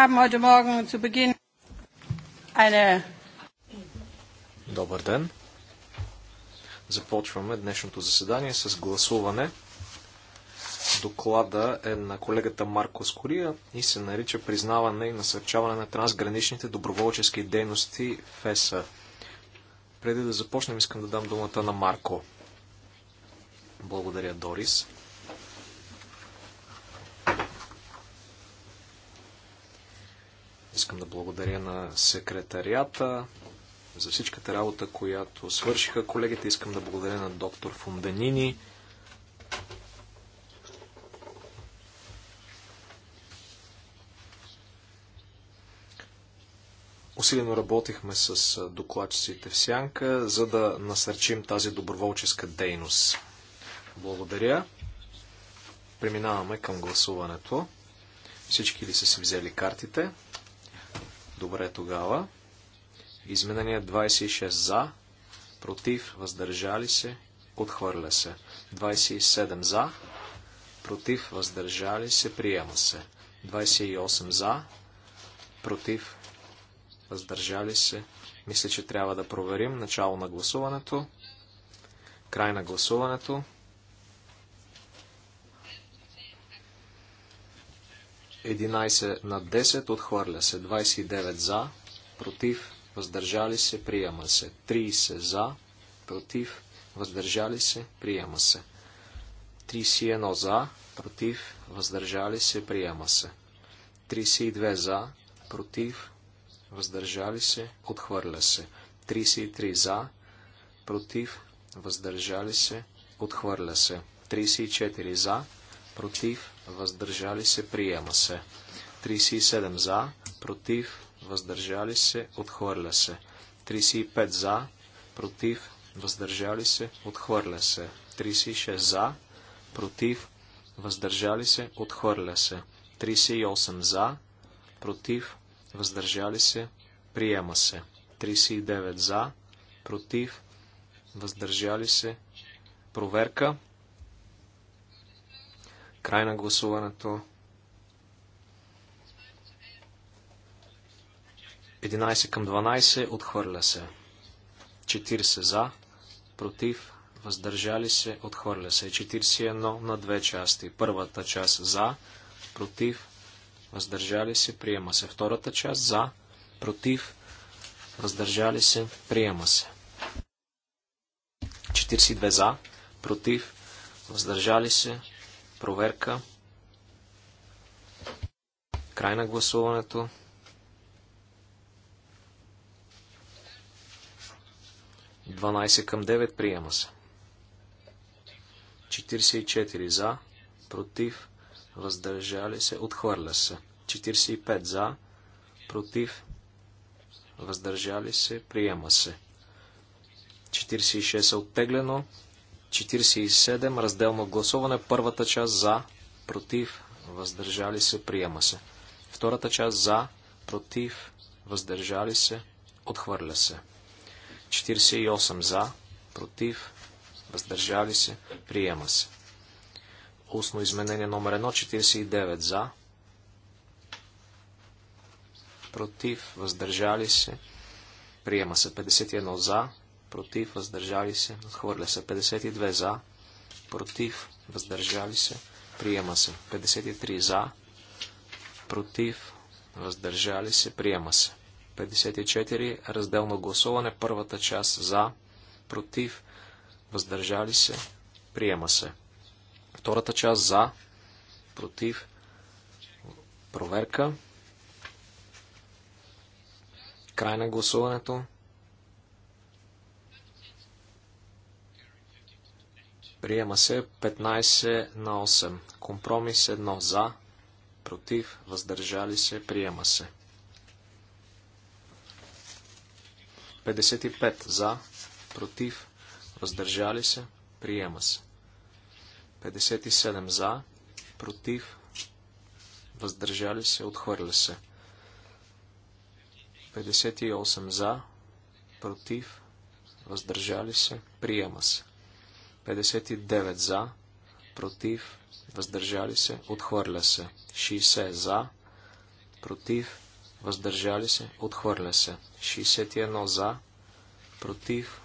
haben heute Morgen zu Beginn eine. Добър ден! Започваме днешното заседание с гласуване. Доклада е на колегата Марко Скория и се нарича Признаване и насърчаване на трансграничните доброволчески дейности в ЕСА. Преди да започнем, искам да дам думата на Марко. Благодаря, Дорис. Искам да благодаря на секретарията за всичката работа, която свършиха колегите. Искам да благодаря на доктор Фунданини. Усилено работихме с докладчиците в Сянка, за да насърчим тази доброволческа дейност. Благодаря. Преминаваме към гласуването. Всички ли са си взели картите? Добре тогава. Изменение 26 за, против, въздържали се, отхвърля се. 27 за, против, въздържали се, приема се. 28 за, против, въздържали се. Мисля, че трябва да проверим начало на гласуването, край на гласуването. 11 на 10 отхвърля се. 29 за, против, въздържали се, приема се. 30 за, против, въздържали се, приема се. 31 за, против, въздържали се, приема се. 32 за, против, въздържали се, отхвърля се. 33 за, против, въздържали се, отхвърля се. 34 за, против, въздържали се, приема се. 37 за, против, въздържали се, отхвърля се. 35 за, против, въздържали се, отхвърля се. 36 за, против, въздържали се, отхвърля се. 38 за, против, въздържали се, приема се. 39 за, против, въздържали се, проверка. Край на гласуването. 11 към 12 отхвърля се. 40 за, против, въздържали се, отхвърля се. 41 на две части. Първата част за, против, въздържали се, приема се. Втората част за, против, въздържали се, приема се. 42 за, против, въздържали се, Проверка. Край на гласуването. 12 към 9 приема се. 44 за, против, въздържали се, отхвърля се. 45 за, против, въздържали се, приема се. 46 е оттеглено, 47. Разделно гласуване. Първата част за, против, въздържали се, приема се. Втората част за, против, въздържали се, отхвърля се. 48 за, против, въздържали се, приема се. Устно изменение номер 1, 49 за, против, въздържали се, приема се. 51 за, против, въздържали се, отхвърля се. 52 за, против, въздържали се, приема се. 53 за, против, въздържали се, приема се. 54 разделно гласуване, първата част за, против, въздържали се, приема се. Втората част за, против, проверка. Край на гласуването. Приема се 15 на 8. Компромис 1 за, против, въздържали се, приема се. 55 за, против, въздържали се, приема се. 57 за, против, въздържали се, отхвърля се. 58 за, против, въздържали се, приема се. 59 за, против, въздържали се, отхвърля се. 60 за, против, въздържали се, отхвърля се. 61 за, против,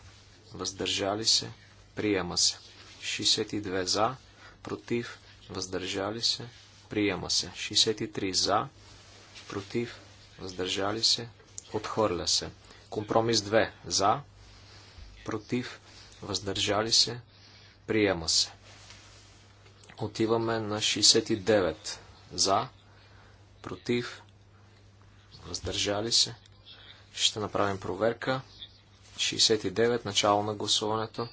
въздържали се, приема се. 62 за, против, въздържали се, приема се. 63 за, против, въздържали се, отхвърля се. Компромис 2 за, против, въздържали се, Приема се. Отиваме на 69. За. Против. Въздържали се. Ще направим проверка. 69. Начало на гласуването.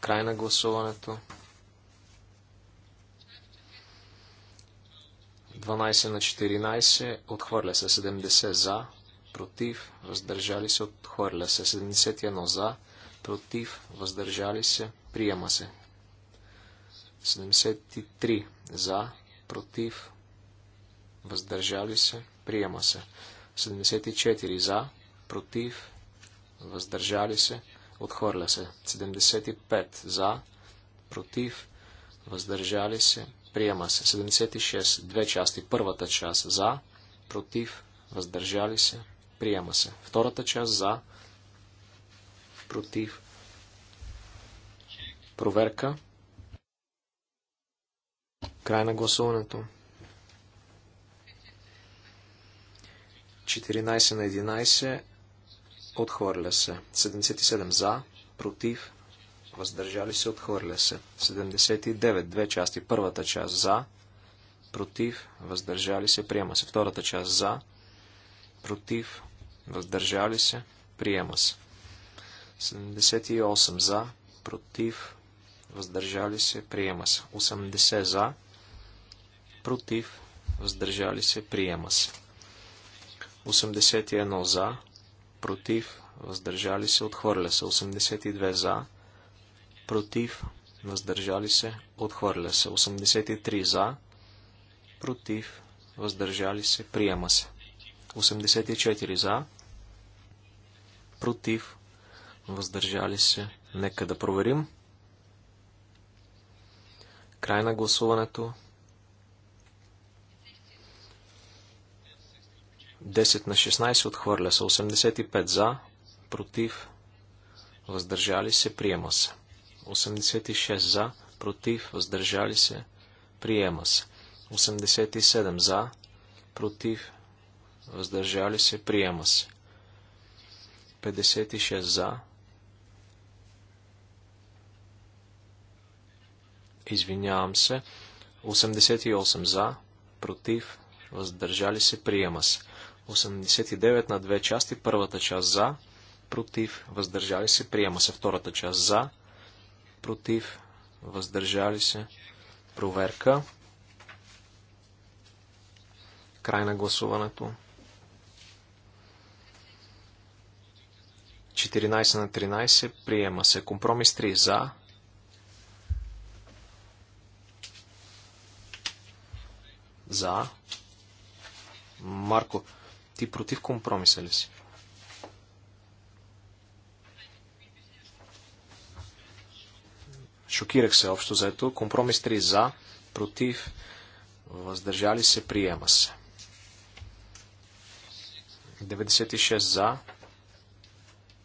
Край на гласуването. 12 на 14. Отхвърля се 70 за. Против. Въздържали се. Отхвърля се 71 за. Против. Въздържали се. Приема се. 73 за, против, въздържали се, приема се. 74 за, против, въздържали се, отхвърля се. 75 за, против, въздържали се, приема се. 76, две части, първата част за, против, въздържали се, приема се. Втората част за, против, проверка. Край на гласуването. 14 на 11. Отхвърля се. 77 за, против, въздържали се, отхвърля се. 79. Две части. Първата част за, против, въздържали се, приема се. Втората част за, против, въздържали се, приема се. 78 за, против, въздържали се, приема се. 80 за, против, въздържали се, приема се. 81 за, против, въздържали се, отхвърля се. 82 за, против, въздържали се, отхвърля се. 83 за, против, въздържали се, приема се. 84 за, против, въздържали се. Нека да проверим. Край на гласуването. 10 на 16 отхвърля се. 85 за, против, въздържали се, приема се. 86 за, против, въздържали се, приема се. 87 за, против, въздържали се, приема се. 56 за. Извинявам се. 88 за, против, въздържали се, приема се. 89 на две части. Първата част за, против, въздържали се, приема се. Втората част за, против, въздържали се, проверка. Край на гласуването. 14 на 13 приема се. Компромис 3 за. За. Марко, ти против компромиса ли си? Шокирах се общо заето. Компромис 3 за, против, въздържали се, приема се. 96 за,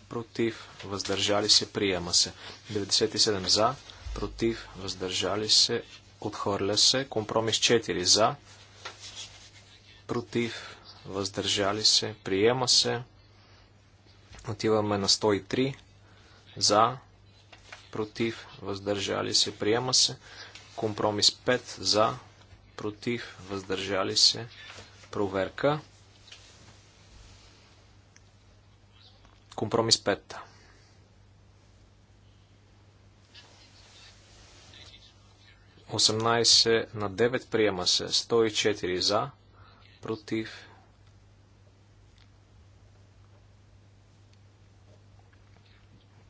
против, въздържали се, приема се. 97 за, против, въздържали се, отхвърля се. Компромис 4 за, против, въздържали се, приема се. Отиваме на 103, за, против, въздържали се, приема се. Компромис 5, за, против, въздържали се, проверка. Компромис 5. Осемнайсе на 9 приема се. 104 за, против,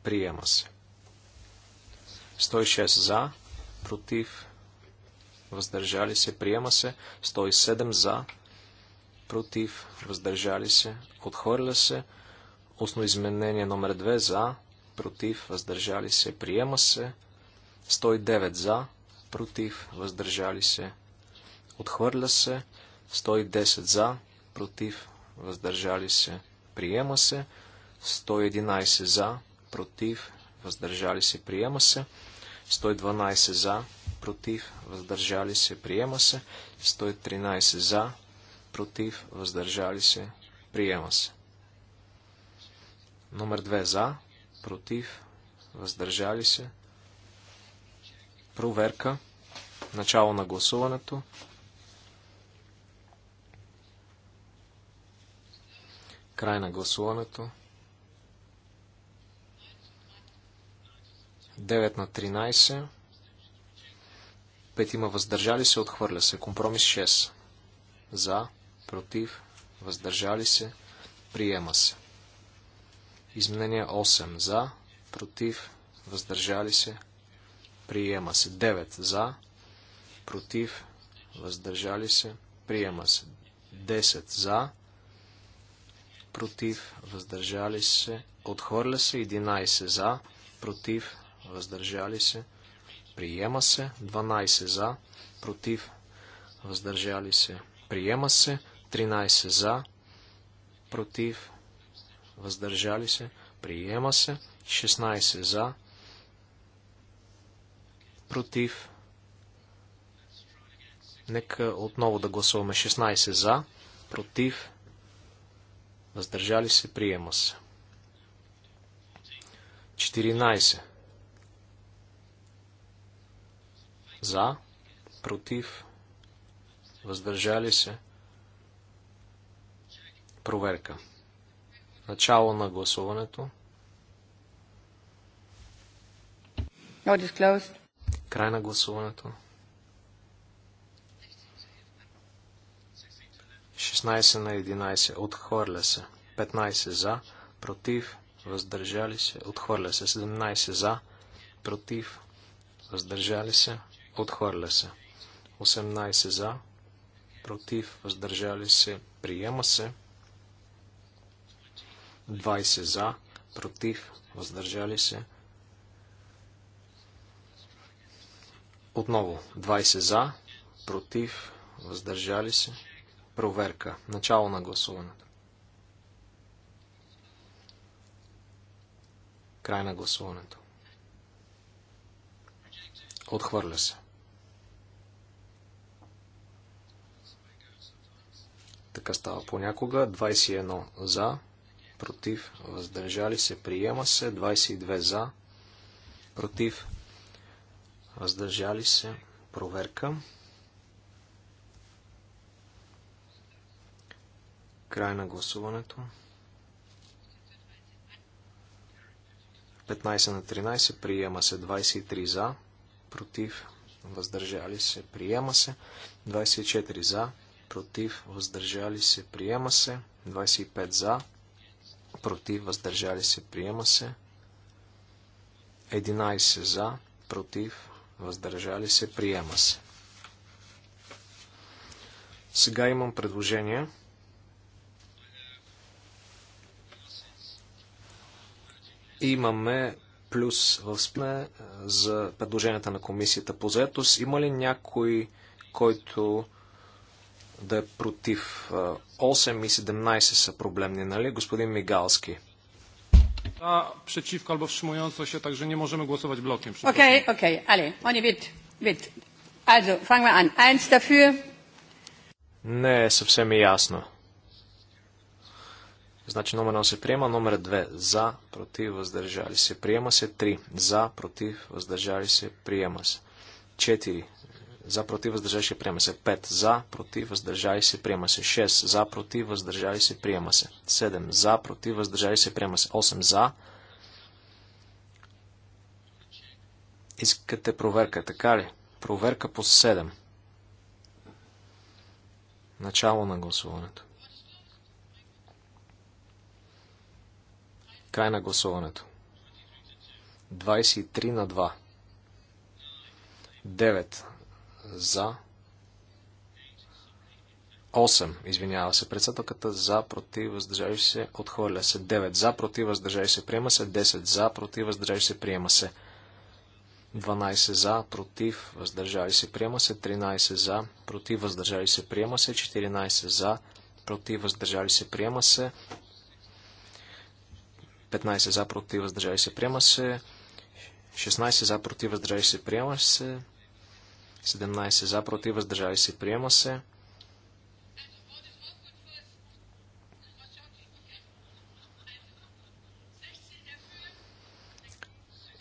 Приема се. 106 за, против, въздържали се, приема се. 107 за, против, въздържали се, отхвърля се. Устно изменение номер 2 за, против, въздържали се, приема се. 109 за, против, въздържали се, отхвърля се. 110 за, против, въздържали се, приема се. 111 за, против, въздържали се, приема се. 112 за, против, въздържали се, приема се. 113 за, против, въздържали се, приема се. Номер 2 за, против, въздържали се. Проверка. Начало на гласуването. Край на гласуването. 9 на 13. 5 има въздържали се, отхвърля се. Компромис 6. За, против, въздържали се, приема се. Изменение 8. За, против, въздържали се, приема се. 9. За, против, въздържали се, приема се. 10. За, против, въздържали се, отхвърля се. 11. За, против, въздържали се, приема се, 12 за, против, въздържали се, приема се, 13 за, против, въздържали се, приема се, 16 за, против. Нека отново да гласуваме 16 за, против, въздържали се, приема се. 14 За, против, въздържали се. Проверка. Начало на гласуването. Край на гласуването. 16 на 11. Отхвърля се. 15 за. Против. Въздържали се. Отхвърля се. 17 за. Против. Въздържали се. Отхвърля се. 18 за. Против. Въздържали се. Приема се. 20 за. Против. Въздържали се. Отново. 20 за. Против. Въздържали се. Проверка. Начало на гласуването. Край на гласуването. Отхвърля се. Така става понякога. 21 за, против, въздържали се, приема се. 22 за, против, въздържали се, проверка. Край на гласуването. 15 на 13 приема се 23 за, против, въздържали се, приема се 24 за, против, въздържали се, приема се. 25 за, против, въздържали се, приема се. 11 за, против, въздържали се, приема се. Сега имам предложение. Имаме плюс в сме е, за предложенията на комисията по заетост. Има ли някой, който да е против. 8 и 17 са проблемни, нали? Господин Мигалски. A против albo wstrzymująco się, także nie możemy głosować blokiem. Okej, окей, okej, okay. ale вид. Also, fangen wir an. Eins dafür. Не е съвсем ясно. Значи номер 1 се приема, номер 2 за, против, въздържали се. Приема се 3 за, против, въздържали се, приема се. 4 за против въздържали се приема се 5 за против въздържали се приема се 6 за против въздържали се приема се 7 за против въздържали се приема се 8 за Искате проверка, така ли? Проверка по 7. Начало на гласуването. Край на гласуването. 23 на 2. 9 за 8, извинява се, председателката за, против, въздържали се, отхвърля се. 9 за, против, въздържали се, приема се. 10 за, против, въздържали се, приема се. 12 за, против, въздържали се, приема се. 13 за, против, въздържали се, приема се. 14 за, против, въздържали се, приема се. 15 за, против, въздържали се, приема се. 16 за, против, въздържали се, приема се. 17 за, против, въздържали се, приема се.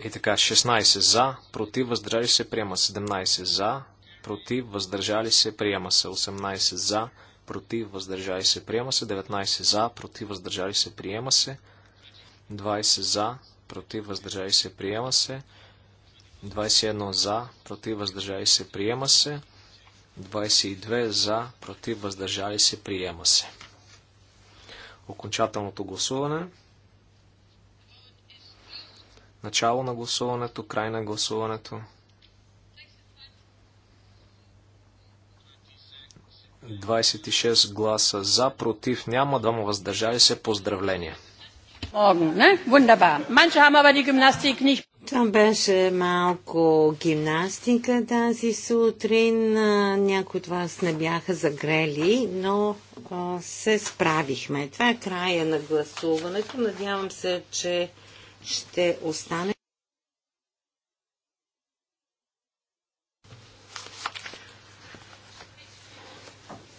И така, 16 за, против, въздържали се, приема 17 за, против, въздържали се, приема се 18 за, против, въздържали се, приема се 19 за, против, въздържали се, приема се 20 за, против, въздържали се, приема се 21 за, против въздържали се, приема се. 22 за, против въздържали се, приема се. Окончателното гласуване. Начало на гласуването, край на гласуването. 26 гласа за, против няма, му въздържали се. Поздравления! Morgen, ne? Wunderbar. Manche haben aber die Gymnastik nicht. Това беше малко гимнастика тази сутрин. Някои от вас не бяха загрели, но се справихме. Това е края на гласуването. Надявам се, че ще остане.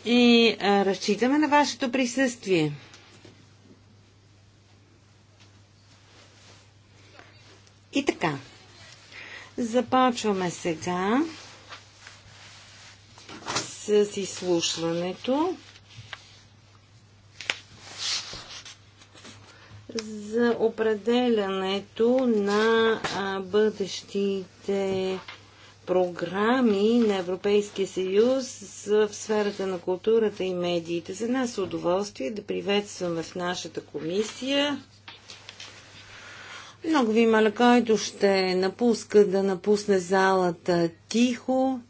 И разчитаме на вашето присъствие. И така. Започваме сега с изслушването за определянето на бъдещите програми на Европейския съюз в сферата на културата и медиите. За нас е удоволствие да приветстваме в нашата комисия много ви моля, който ще напуска да напусне залата тихо.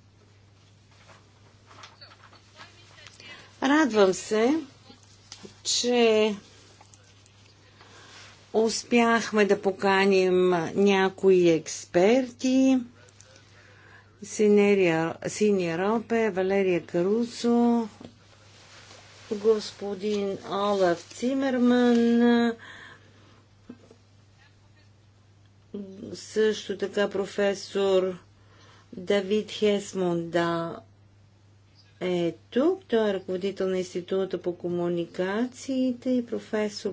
Радвам се, че успяхме да поканим някои експерти. Синия Ропе, Валерия Каруцо, господин Олаф Цимерман, също така професор Давид Хесмон, да, е тук. Той е ръководител на Института по комуникациите и професор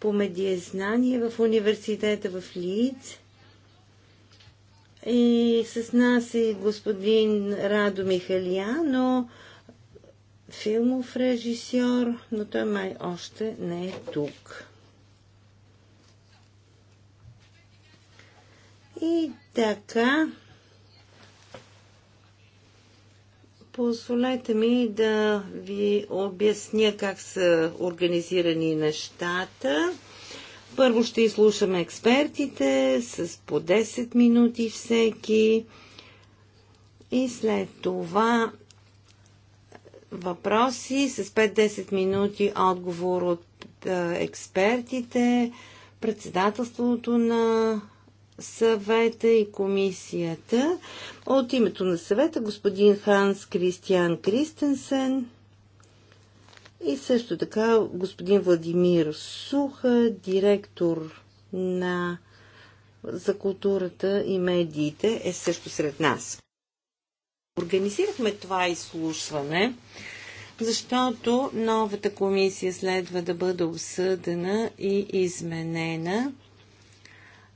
по медиезнание в университета в Лиц. И с нас е господин Радо Михалияно, филмов режисьор, но той май още не е тук. И така, позволете ми да ви обясня как са организирани нещата. Първо ще изслушаме експертите с по 10 минути всеки и след това въпроси с 5-10 минути отговор от експертите, председателството на съвета и комисията. От името на съвета господин Ханс Кристиан Кристенсен и също така господин Владимир Суха, директор на за културата и медиите е също сред нас. Организирахме това изслушване, защото новата комисия следва да бъде обсъдена и изменена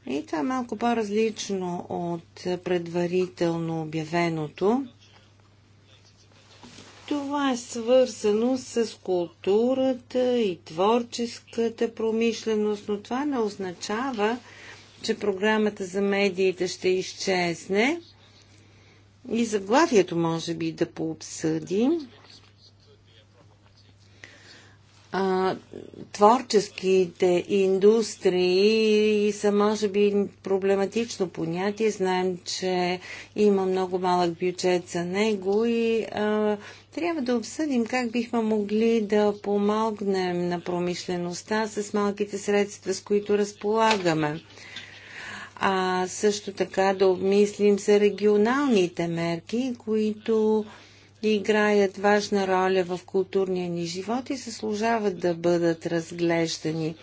и това е малко по-различно от предварително обявеното. Това е свързано с културата и творческата промишленост, но това не означава, че програмата за медиите ще изчезне. И заглавието може би да пообсъдим творческите индустрии са, може би, проблематично понятие. Знаем, че има много малък бюджет за него и а, трябва да обсъдим как бихме могли да помогнем на промишлеността с малките средства, с които разполагаме. А също така да обмислим за регионалните мерки, които а, играят важна роля в културния ни живот и заслужават да бъдат разглеждани.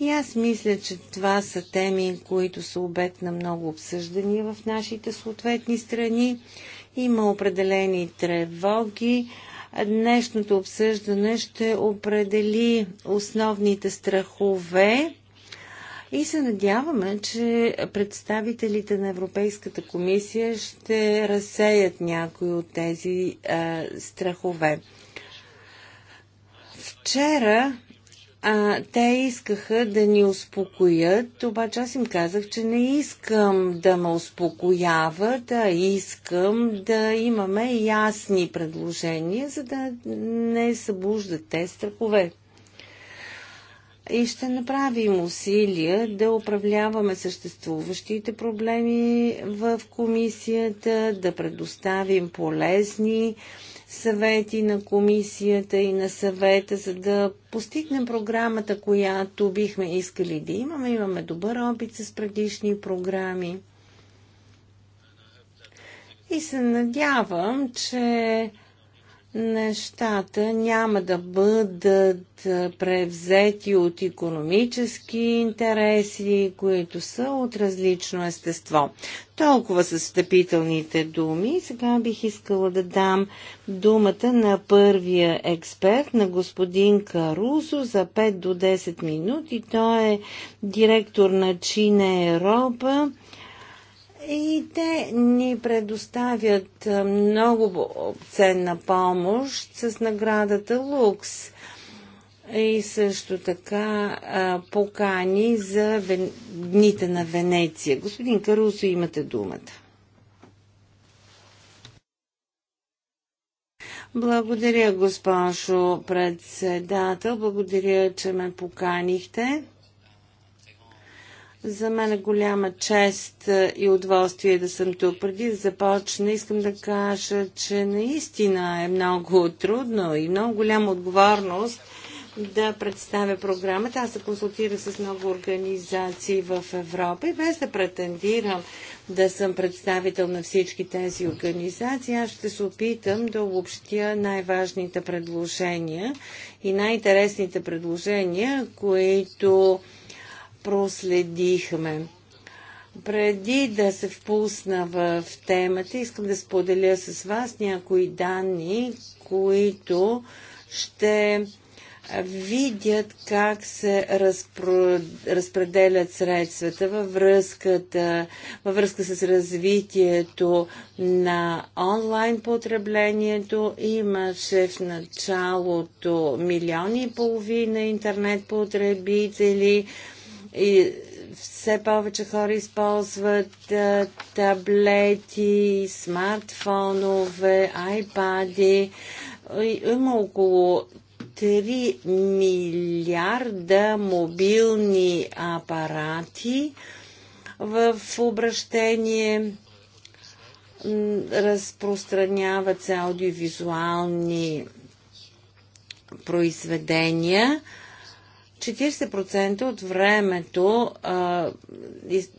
И аз мисля, че това са теми, които са обект на много обсъждания в нашите съответни страни. Има определени тревоги. Днешното обсъждане ще определи основните страхове и се надяваме, че представителите на Европейската комисия ще разсеят някои от тези а, страхове. Вчера а, те искаха да ни успокоят, обаче аз им казах, че не искам да ме успокояват, а искам да имаме ясни предложения, за да не събуждат те страхове и ще направим усилия да управляваме съществуващите проблеми в комисията, да предоставим полезни съвети на комисията и на съвета, за да постигнем програмата, която бихме искали да имаме. Имаме добър опит с предишни програми. И се надявам, че нещата няма да бъдат превзети от економически интереси, които са от различно естество. Толкова са стъпителните думи. Сега бих искала да дам думата на първия експерт, на господин Карусо, за 5 до 10 минути. Той е директор на Чина Европа и те ни предоставят много ценна помощ с наградата Лукс. И също така покани за дните на Венеция. Господин Карусо, имате думата. Благодаря, госпожо председател. Благодаря, че ме поканихте. За мен е голяма чест е, и удоволствие да съм тук. Преди да започна, искам да кажа, че наистина е много трудно и много голяма отговорност да представя програмата. Аз се консултирах с много организации в Европа и без да претендирам да съм представител на всички тези организации, аз ще се опитам да обобщя най-важните предложения и най-интересните предложения, които проследихме. Преди да се впусна в темата, искам да споделя с вас някои данни, които ще видят как се разпределят средствата във, връзката, във връзка с развитието на онлайн потреблението. Имаше в началото милиони и половина интернет потребители и все повече хора използват а, таблети, смартфонове, айпади. Има около 3 милиарда мобилни апарати в обращение разпространяват се аудиовизуални произведения. 40% от времето а, из,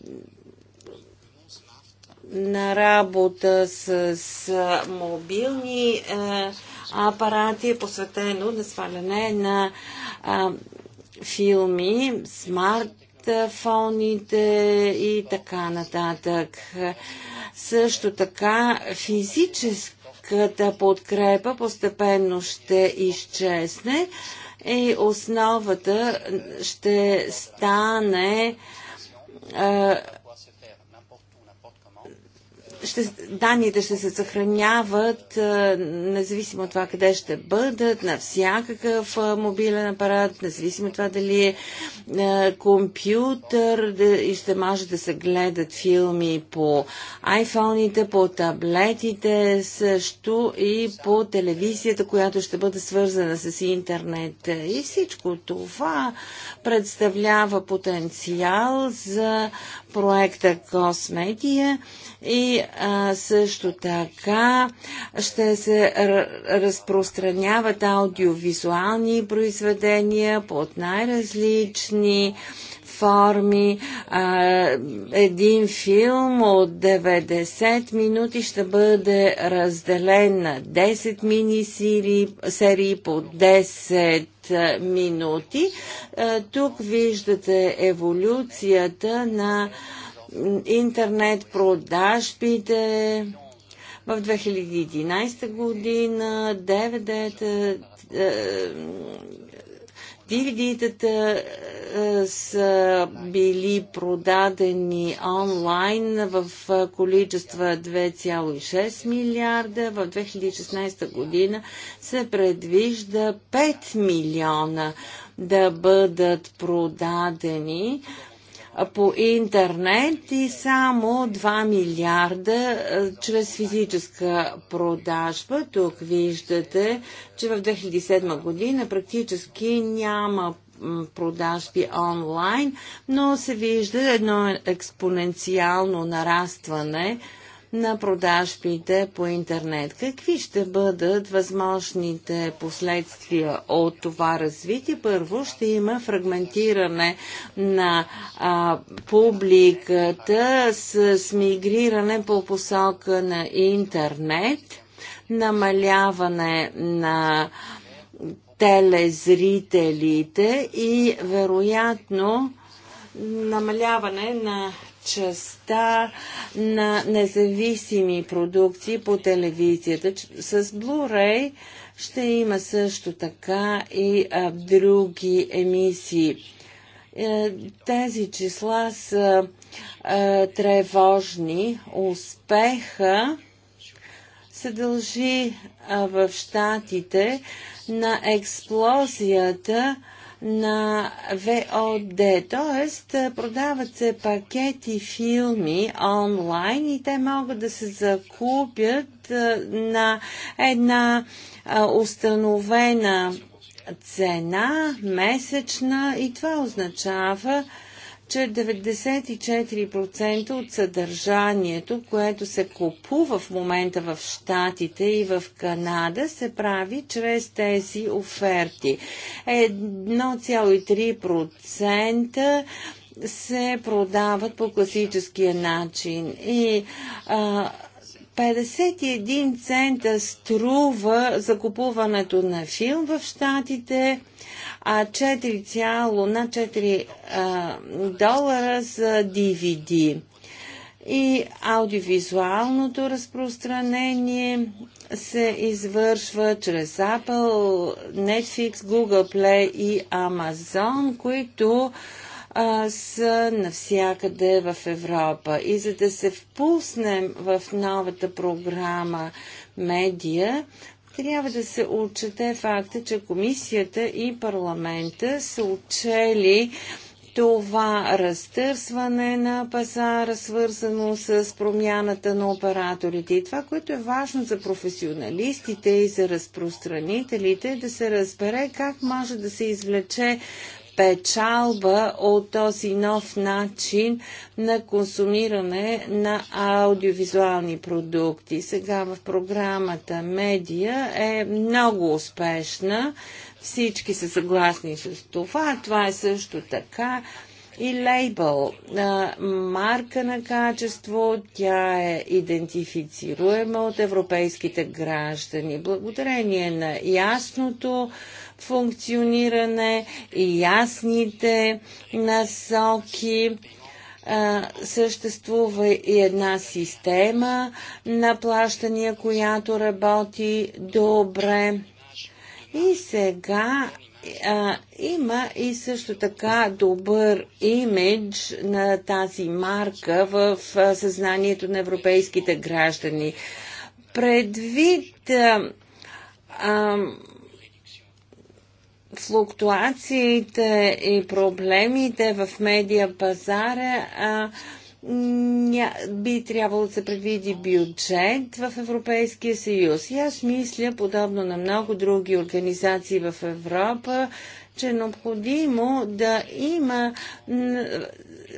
на работа с, с мобилни а, апарати е посветено на сваляне на а, филми, смартфоните и така нататък. Също така физическата подкрепа постепенно ще изчезне и е основата ще стане ще, данните ще се съхраняват, е, независимо от това къде ще бъдат, на всякакъв е, мобилен апарат, независимо от това дали е, е компютър и ще може да се гледат филми по айфоните, по таблетите, също и по телевизията, която ще бъде свързана с интернет. И всичко това представлява потенциал за проекта Космедия и а, също така ще се разпространяват аудиовизуални произведения под най-различни форми. Един филм от 90 минути ще бъде разделен на 10 мини серии по 10 минути. Тук виждате еволюцията на интернет продажбите в 2011 година, DVD Дивидитата е, е, са били продадени онлайн в е, количества 2,6 милиарда. В 2016 година се предвижда 5 милиона да бъдат продадени по интернет и само 2 милиарда чрез физическа продажба. Тук виждате, че в 2007 година практически няма продажби онлайн, но се вижда едно експоненциално нарастване на продажбите по интернет. Какви ще бъдат възможните последствия от това развитие? Първо ще има фрагментиране на а, публиката с, с мигриране по посока на интернет, намаляване на телезрителите и вероятно намаляване на частта на независими продукции по телевизията. С Blu-ray ще има също така и а, други емисии. Е, тези числа са е, тревожни. Успеха се дължи а, в щатите на експлозията на VOD, т.е. продават се пакети филми онлайн и те могат да се закупят на една установена цена месечна и това означава, че 94% от съдържанието, което се купува в момента в Штатите и в Канада, се прави чрез тези оферти. 1,3% се продават по класическия начин. И а, 51 цента струва закупуването на филм в Штатите а 4 на 4 а, долара за DVD. И аудиовизуалното разпространение се извършва чрез Apple, Netflix, Google Play и Amazon, които а, са навсякъде в Европа. И за да се впуснем в новата програма медия, трябва да се отчете факта, че комисията и парламента са отчели това разтърсване на пазара, свързано с промяната на операторите. И това, което е важно за професионалистите и за разпространителите, е да се разбере как може да се извлече печалба от този нов начин на консумиране на аудиовизуални продукти. Сега в програмата Медия е много успешна. Всички са съгласни с това. Това е също така и лейбъл, марка на качество, тя е идентифицируема от европейските граждани. Благодарение на ясното функциониране и ясните насоки съществува и една система на плащания, която работи добре. И сега а, има и също така добър имидж на тази марка в съзнанието на европейските граждани. Предвид а, а, флуктуациите и проблемите в медиа пазара а, би трябвало да се предвиди бюджет в Европейския съюз. И аз мисля, подобно на много други организации в Европа, че е необходимо да има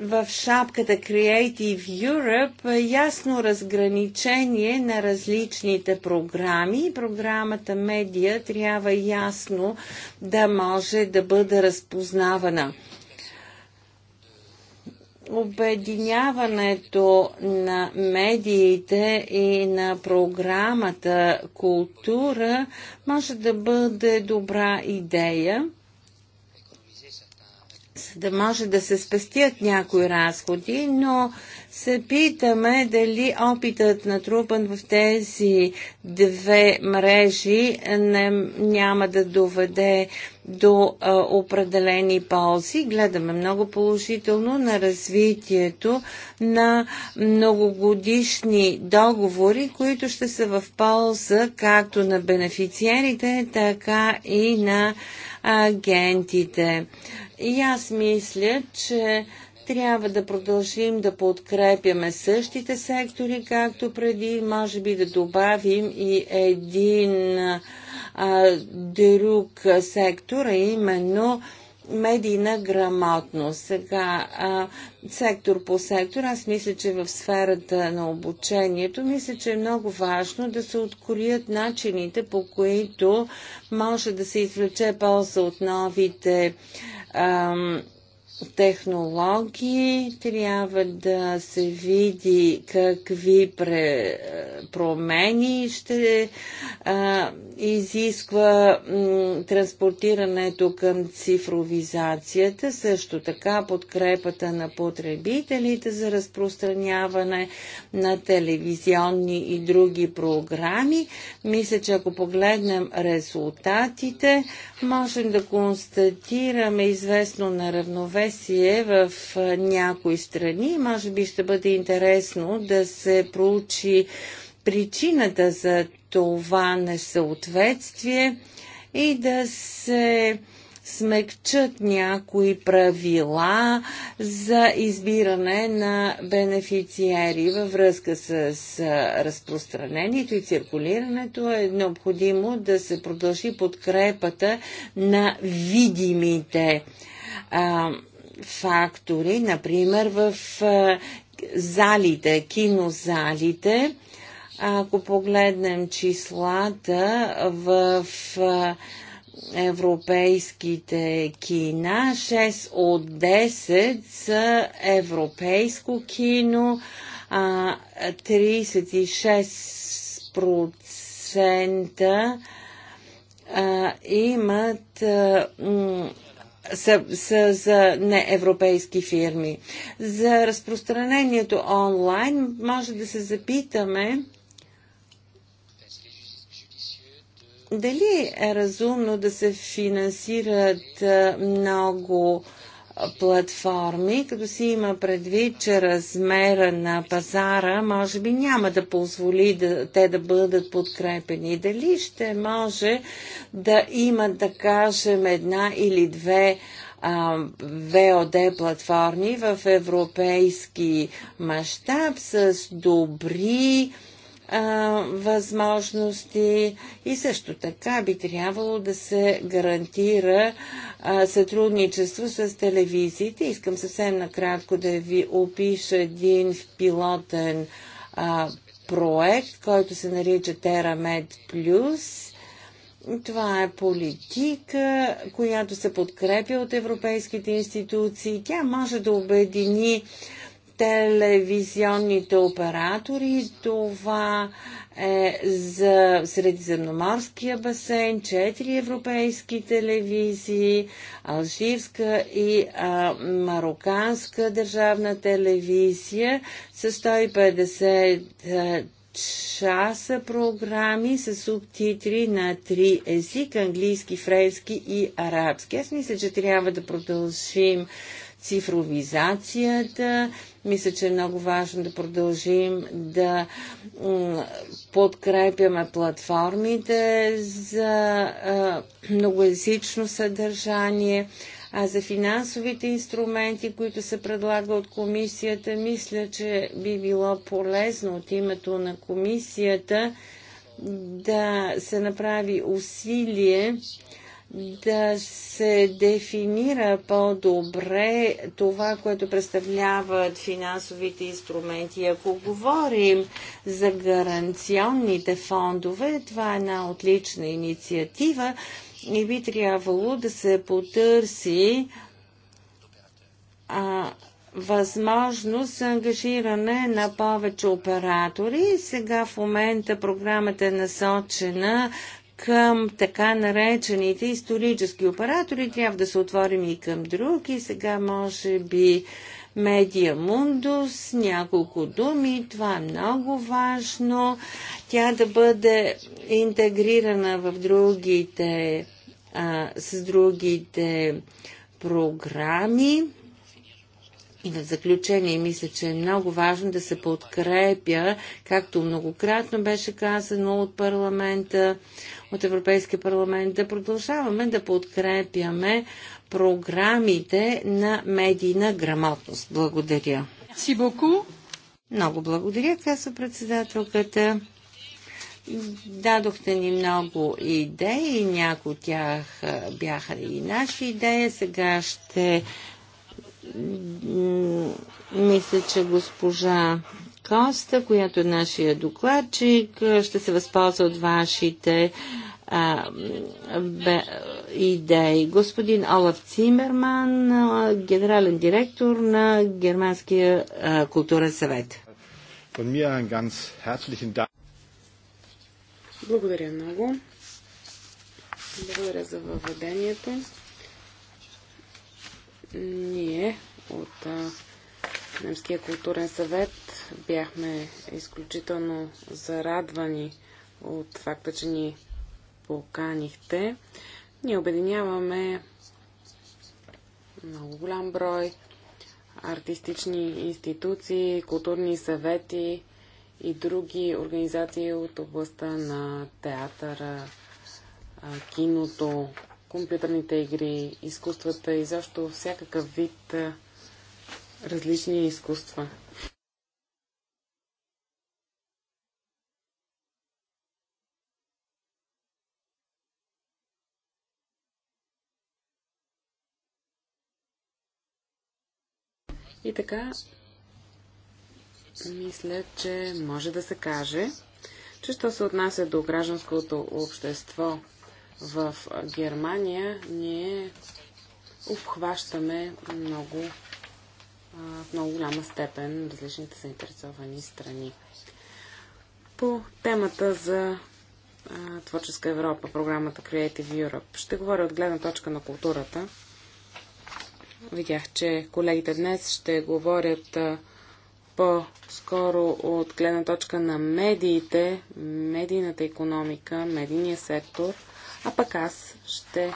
в шапката Creative Europe е ясно разграничение на различните програми. Програмата медия трябва ясно да може да бъде разпознавана. Обединяването на медиите и на програмата култура може да бъде добра идея да може да се спестят някои разходи, но се питаме дали опитът натрупан в тези две мрежи не, няма да доведе до а, определени ползи. Гледаме много положително на развитието на многогодишни договори, които ще са в полза както на бенефициерите, така и на агентите. И аз мисля, че трябва да продължим да подкрепяме същите сектори, както преди, може би да добавим и един а, друг сектор, а именно медийна грамотност. Сега а, сектор по сектор. Аз мисля, че в сферата на обучението, мисля, че е много важно да се откроят начините, по които може да се извлече полза от новите ам, технологии, трябва да се види какви пре, промени ще а, изисква м, транспортирането към цифровизацията, също така подкрепата на потребителите за разпространяване на телевизионни и други програми. Мисля, че ако погледнем резултатите, можем да констатираме известно неравновесие съгласие в някои страни. Може би ще бъде интересно да се проучи причината за това несъответствие и да се смекчат някои правила за избиране на бенефициери във връзка с разпространението и циркулирането е необходимо да се продължи подкрепата на видимите а, фактори, например в залите, кинозалите. Ако погледнем числата в европейските кина, 6 от 10 са европейско кино, 36% имат са, са за неевропейски фирми. За разпространението онлайн може да се запитаме дали е разумно да се финансират много платформи, като си има предвид, че размера на пазара може би няма да позволи да, те да бъдат подкрепени. Дали ще може да има, да кажем, една или две ВОД платформи в европейски мащаб с добри възможности и също така би трябвало да се гарантира а, сътрудничество с телевизиите. Искам съвсем накратко да ви опиша един пилотен а, проект, който се нарича TerraMed Plus. Това е политика, която се подкрепя от европейските институции. Тя може да обедини телевизионните оператори. Това е за Средиземноморския басейн, четири европейски телевизии, алжирска и а, мароканска държавна телевизия с 150 часа програми с субтитри на три езика английски, френски и арабски. Аз мисля, че трябва да продължим цифровизацията. Мисля, че е много важно да продължим да подкрепяме платформите за многоязично съдържание. А за финансовите инструменти, които се предлага от комисията, мисля, че би било полезно от името на комисията да се направи усилие да се дефинира по-добре това, което представляват финансовите инструменти. Ако говорим за гаранционните фондове, това е една отлична инициатива и би трябвало да се потърси а, възможност за ангажиране на повече оператори. Сега в момента програмата е насочена към така наречените исторически оператори, трябва да се отворим и към други. Сега може би Медиа Мундус, няколко думи, това е много важно. Тя да бъде интегрирана в другите, а, с другите програми. И в заключение мисля, че е много важно да се подкрепя, както многократно беше казано от парламента, от Европейския парламент, да продължаваме да подкрепяме програмите на медийна грамотност. Благодаря. Много благодаря, казва председателката. Дадохте ни много идеи, някои от тях бяха и наши идеи. Сега ще мисля, че госпожа Коста, която е нашия докладчик. Ще се възползва от вашите а, бе, идеи. Господин Олаф Цимерман, генерален директор на Германския а, културен съвет. Благодаря много. Благодаря за въведението. Ние от а, Немския културен съвет бяхме изключително зарадвани от факта, че ни поканихте. Ние обединяваме много голям брой артистични институции, културни съвети и други организации от областта на театъра, киното, компютърните игри, изкуствата и защо всякакъв вид различни изкуства. И така, мисля, че може да се каже, че що се отнася до гражданското общество в Германия, ние обхващаме много, в много голяма степен различните заинтересовани страни. По темата за Творческа Европа, програмата Creative Europe, ще говоря от гледна точка на културата – Видях, че колегите днес ще говорят по-скоро от гледна точка на медиите, медийната економика, медийния сектор, а пък аз ще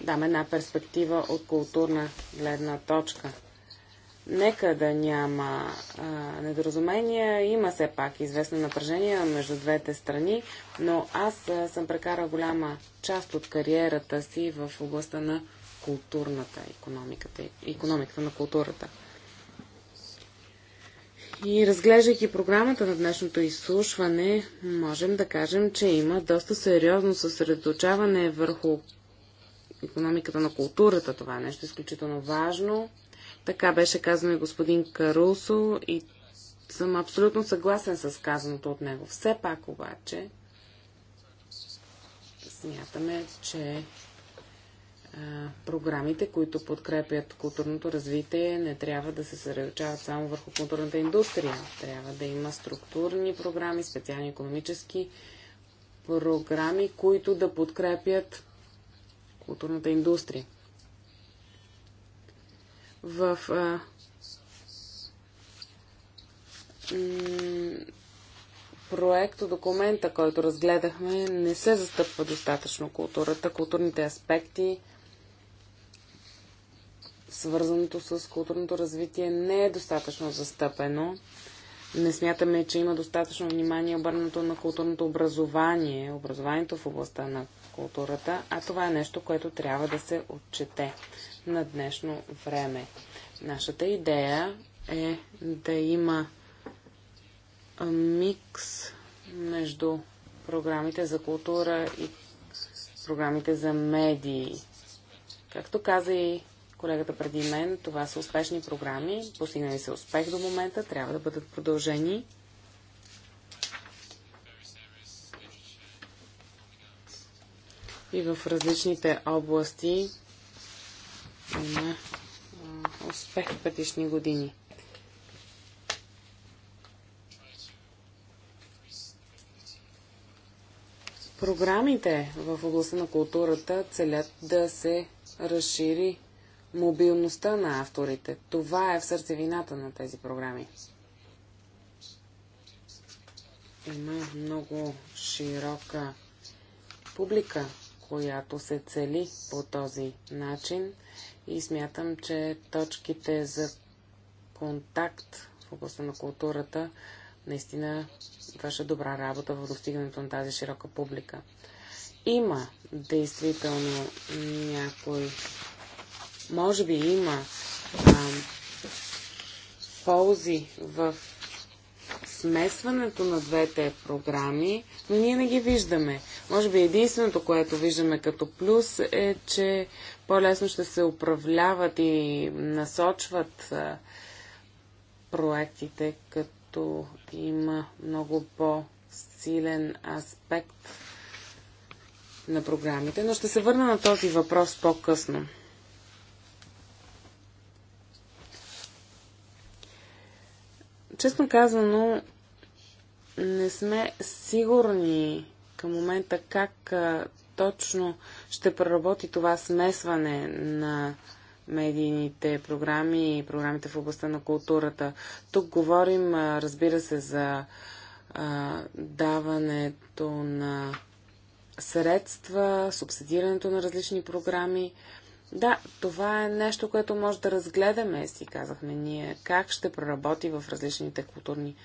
дам една перспектива от културна гледна точка. Нека да няма а, недоразумения. Има все пак известно напрежение между двете страни, но аз а, съм прекарал голяма част от кариерата си в областта на културната економиката, економиката на културата. И разглеждайки програмата на днешното изслушване, можем да кажем, че има доста сериозно съсредоточаване върху економиката на културата. Това е нещо изключително важно. Така беше казано и господин Карусо и съм абсолютно съгласен с казаното от него. Все пак обаче смятаме, че програмите, които подкрепят културното развитие, не трябва да се съревчават само върху културната индустрия. Трябва да има структурни програми, специални економически програми, които да подкрепят културната индустрия. В а, проекто документа, който разгледахме, не се застъпва достатъчно културата, културните аспекти свързаното с културното развитие не е достатъчно застъпено. Не смятаме, че има достатъчно внимание обърнато на културното образование, образованието в областта на културата, а това е нещо, което трябва да се отчете на днешно време. Нашата идея е да има микс между програмите за култура и програмите за медии. Както каза и колегата преди мен, това са успешни програми, постигнали се успех до момента, трябва да бъдат продължени. И в различните области на успех в предишни години. Програмите в областта на културата целят да се разшири мобилността на авторите. Това е в сърцевината на тези програми. Има много широка публика, която се цели по този начин и смятам, че точките за контакт в областта на културата наистина върша добра работа в достигането на тази широка публика. Има действително някои може би има а, ползи в смесването на двете програми, но ние не ги виждаме. Може би единственото, което виждаме като плюс е, че по-лесно ще се управляват и насочват проектите, като има много по-силен аспект на програмите, но ще се върна на този въпрос по-късно. Честно казано, не сме сигурни към момента как а, точно ще проработи това смесване на медийните програми и програмите в областта на културата. Тук говорим, а, разбира се, за а, даването на средства, субсидирането на различни програми. Да, това е нещо, което може да разгледаме, си казахме ние, как ще проработи в различните културни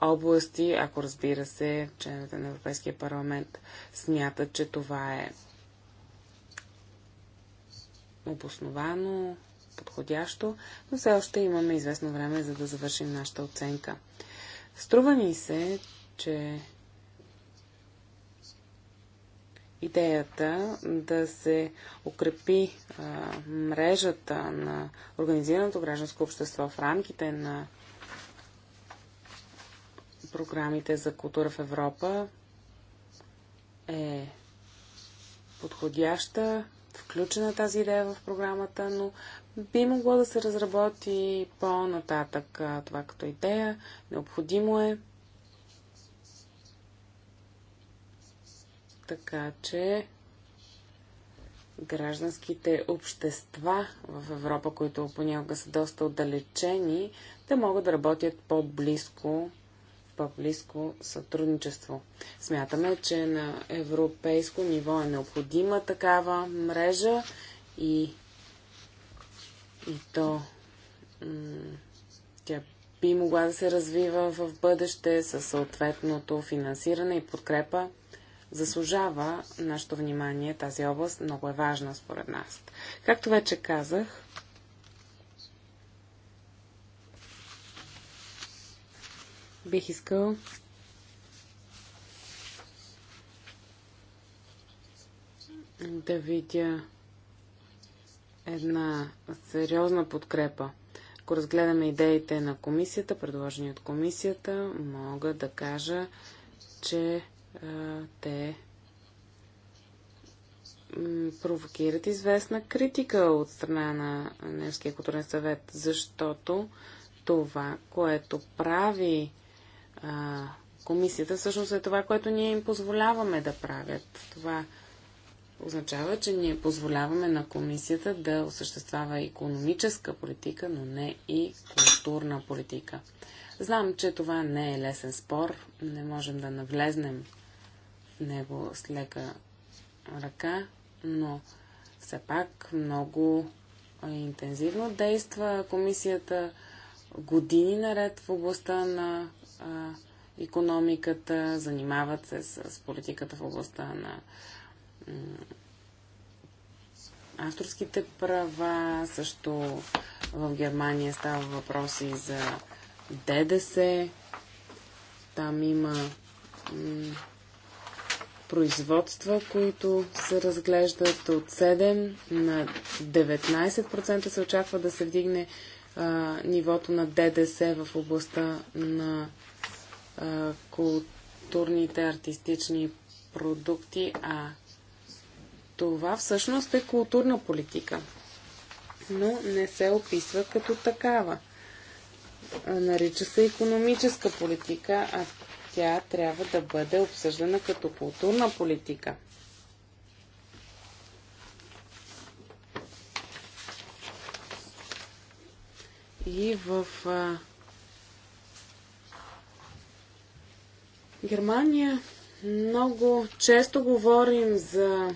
области, ако разбира се, членовете на Европейския парламент смятат, че това е обосновано, подходящо, но все още имаме известно време, за да завършим нашата оценка. Струва ни се, че идеята да се укрепи а, мрежата на организираното гражданско общество в рамките на програмите за култура в Европа е подходяща, включена тази идея в програмата, но би могло да се разработи по-нататък това като идея. Необходимо е Така че гражданските общества в Европа, които понякога са доста отдалечени, да могат да работят по-близко по-близко сътрудничество. Смятаме, че на европейско ниво е необходима такава мрежа и, и то тя би могла да се развива в бъдеще със съответното финансиране и подкрепа заслужава нашето внимание. Тази област много е важна според нас. Както вече казах, бих искал да видя една сериозна подкрепа. Ако разгледаме идеите на комисията, предложени от комисията, мога да кажа, че те провокират известна критика от страна на Немския културен съвет, защото това, което прави а, комисията, всъщност е това, което ние им позволяваме да правят. Това означава, че ние позволяваме на комисията да осъществява економическа политика, но не и културна политика. Знам, че това не е лесен спор, не можем да навлезнем него с лека ръка, но все пак много интензивно действа комисията години наред в областта на а, економиката, занимават се с, с политиката в областта на авторските права, също в Германия става въпроси за ДДС. Там има производства, които се разглеждат от 7 на 19% се очаква да се вдигне а, нивото на ДДС в областта на а, културните артистични продукти, а това всъщност е културна политика, но не се описва като такава. Нарича се економическа политика, а тя трябва да бъде обсъждана като културна политика. И в а, Германия много често говорим за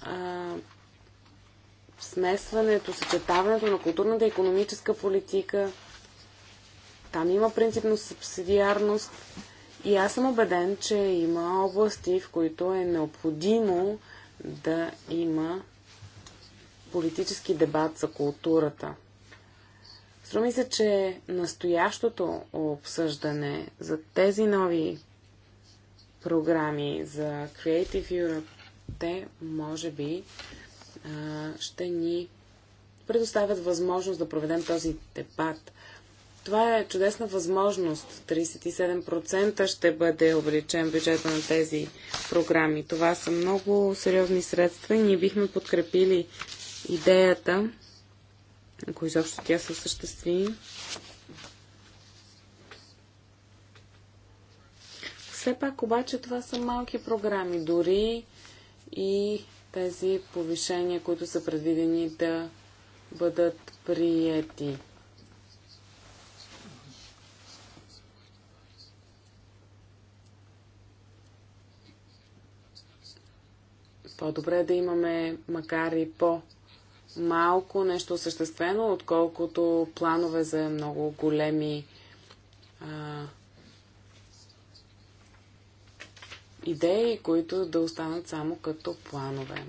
а, смесването, съчетаването на културната и економическа политика. Там има принципно субсидиарност и аз съм убеден, че има области, в които е необходимо да има политически дебат за културата. Струми се, че настоящото обсъждане за тези нови програми за Creative Europe, те може би ще ни предоставят възможност да проведем този дебат. Това е чудесна възможност. 37% ще бъде увеличен бюджета на тези програми. Това са много сериозни средства и ние бихме подкрепили идеята, ако изобщо тя се осъществи. Все пак обаче това са малки програми, дори и тези повишения, които са предвидени да бъдат приети. По-добре е да имаме, макар и по-малко нещо осъществено, отколкото планове за много големи а, идеи, които да останат само като планове.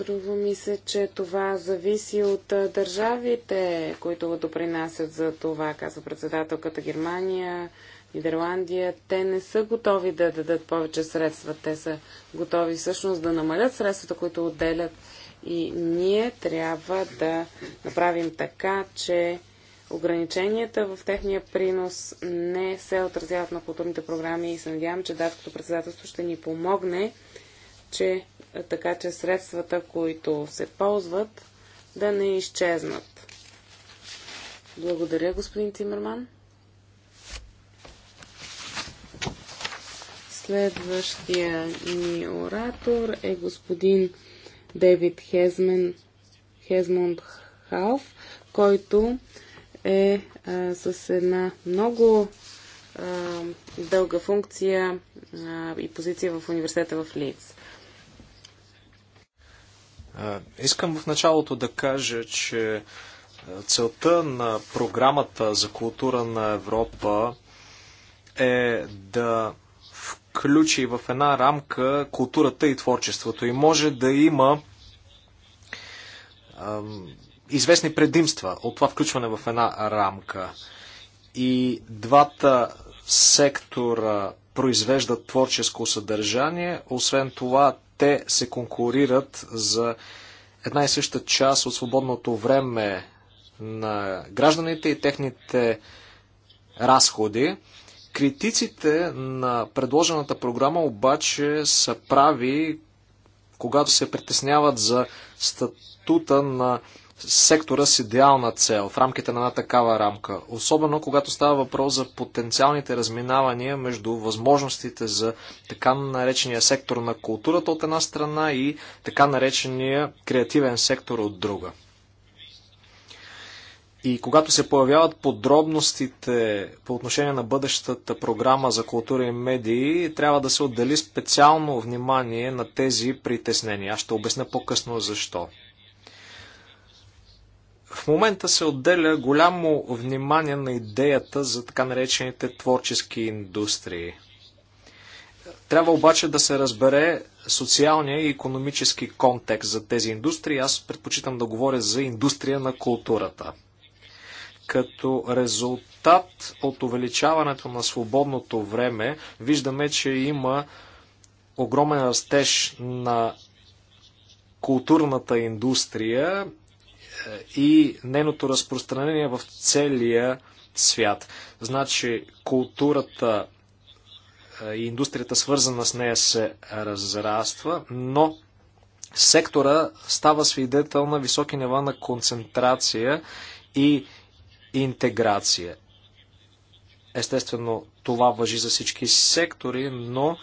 Струва ми се, че това зависи от държавите, които го допринасят за това, казва председателката Германия, Нидерландия. Те не са готови да дадат повече средства. Те са готови всъщност да намалят средствата, които отделят. И ние трябва да направим така, че ограниченията в техния принос не се отразяват на културните програми и се надявам, че датското председателство ще ни помогне, че така че средствата, които се ползват, да не изчезнат. Благодаря, господин Тимерман. Следващия ни оратор е господин Дейвид Хезмен, Хезмонд Халф, който е а, с една много а, дълга функция а, и позиция в университета в Лиц. Искам в началото да кажа, че целта на програмата за култура на Европа е да включи в една рамка културата и творчеството и може да има известни предимства от това включване в една рамка. И двата сектора произвеждат творческо съдържание, освен това те се конкурират за една и съща част от свободното време на гражданите и техните разходи. Критиците на предложената програма обаче са прави, когато се притесняват за статута на сектора с идеална цел в рамките на една такава рамка, особено когато става въпрос за потенциалните разминавания между възможностите за така наречения сектор на културата от една страна и така наречения креативен сектор от друга. И когато се появяват подробностите по отношение на бъдещата програма за култура и медии, трябва да се отдели специално внимание на тези притеснения. Аз ще обясня по-късно защо. В момента се отделя голямо внимание на идеята за така наречените творчески индустрии. Трябва обаче да се разбере социалния и економически контекст за тези индустрии. Аз предпочитам да говоря за индустрия на културата. Като резултат от увеличаването на свободното време, виждаме, че има огромен растеж на културната индустрия и нейното разпространение в целия свят. Значи културата е, и индустрията свързана с нея се разраства, но сектора става свидетел на високи нива на концентрация и интеграция. Естествено, това въжи за всички сектори, но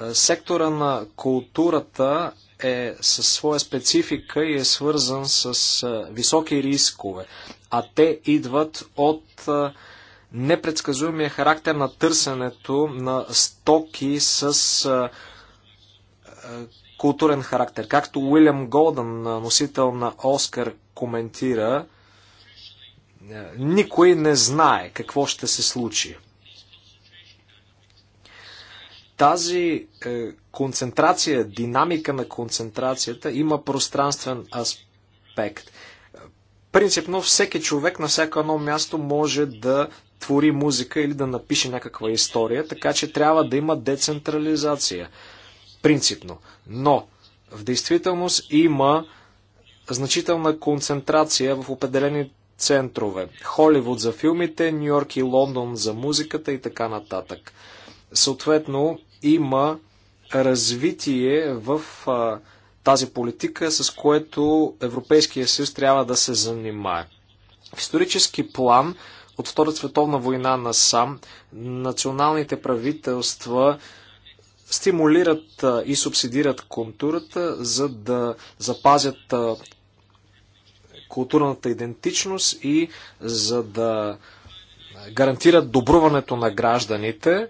е, сектора на културата е със своя специфика и е свързан с високи рискове, а те идват от непредсказуемия характер на търсенето на стоки с културен характер. Както Уилям Голдън, носител на Оскар, коментира, никой не знае какво ще се случи тази е, концентрация, динамика на концентрацията има пространствен аспект. Принципно всеки човек на всяко едно място може да твори музика или да напише някаква история, така че трябва да има децентрализация. Принципно. Но в действителност има значителна концентрация в определени центрове. Холивуд за филмите, Нью Йорк и Лондон за музиката и така нататък. Съответно, има развитие в а, тази политика, с което Европейския съюз трябва да се занимае. В исторически план от Втората световна война насам националните правителства стимулират и субсидират културата, за да запазят културната идентичност и за да гарантират добруването на гражданите.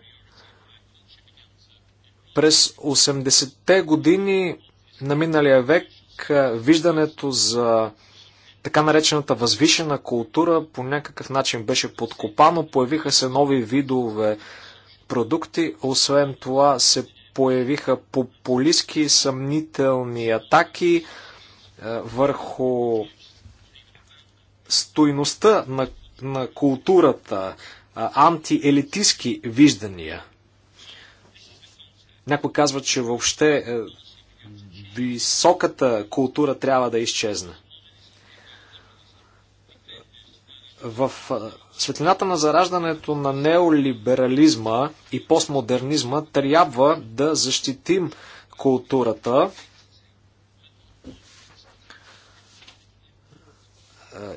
През 80-те години на миналия век виждането за така наречената възвишена култура по някакъв начин беше подкопано, появиха се нови видове продукти, освен това се появиха популистски съмнителни атаки върху стойността на, на културата, антиелитистски виждания – някой казва, че въобще е, високата култура трябва да изчезне. В е, светлината на зараждането на неолиберализма и постмодернизма трябва да защитим културата, е,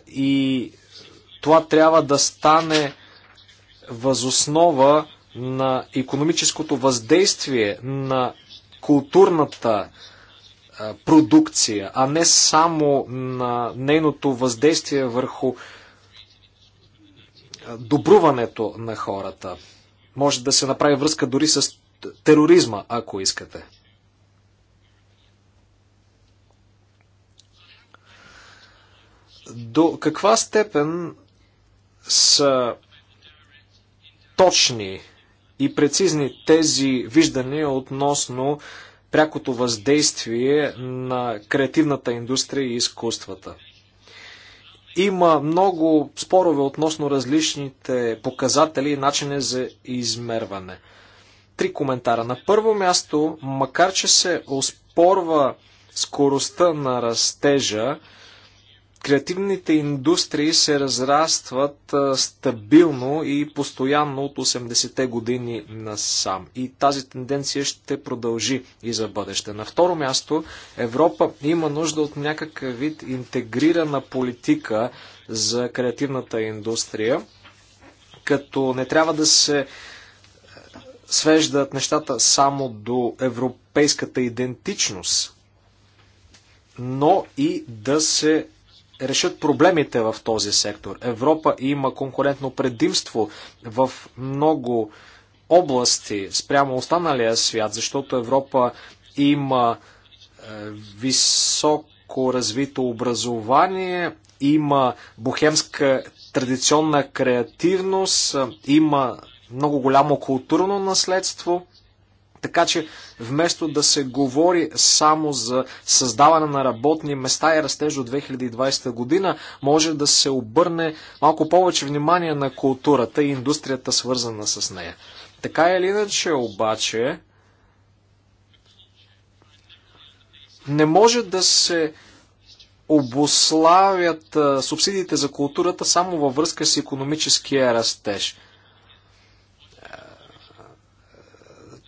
и това трябва да стане възоснова на економическото въздействие на културната продукция, а не само на нейното въздействие върху добруването на хората. Може да се направи връзка дори с тероризма, ако искате. До каква степен са точни и прецизни тези виждания относно прякото въздействие на креативната индустрия и изкуствата. Има много спорове относно различните показатели и начини за измерване. Три коментара. На първо място, макар че се оспорва скоростта на растежа, Креативните индустрии се разрастват стабилно и постоянно от 80-те години насам. И тази тенденция ще продължи и за бъдеще. На второ място, Европа има нужда от някакъв вид интегрирана политика за креативната индустрия, като не трябва да се свеждат нещата само до европейската идентичност, но и да се решат проблемите в този сектор. Европа има конкурентно предимство в много области спрямо останалия свят, защото Европа има е, високо развито образование, има бухемска традиционна креативност, е, има много голямо културно наследство – така че вместо да се говори само за създаване на работни места и растеж от 2020 година, може да се обърне малко повече внимание на културата и индустрията свързана с нея. Така или иначе обаче, не може да се обославят субсидиите за културата само във връзка с економическия растеж –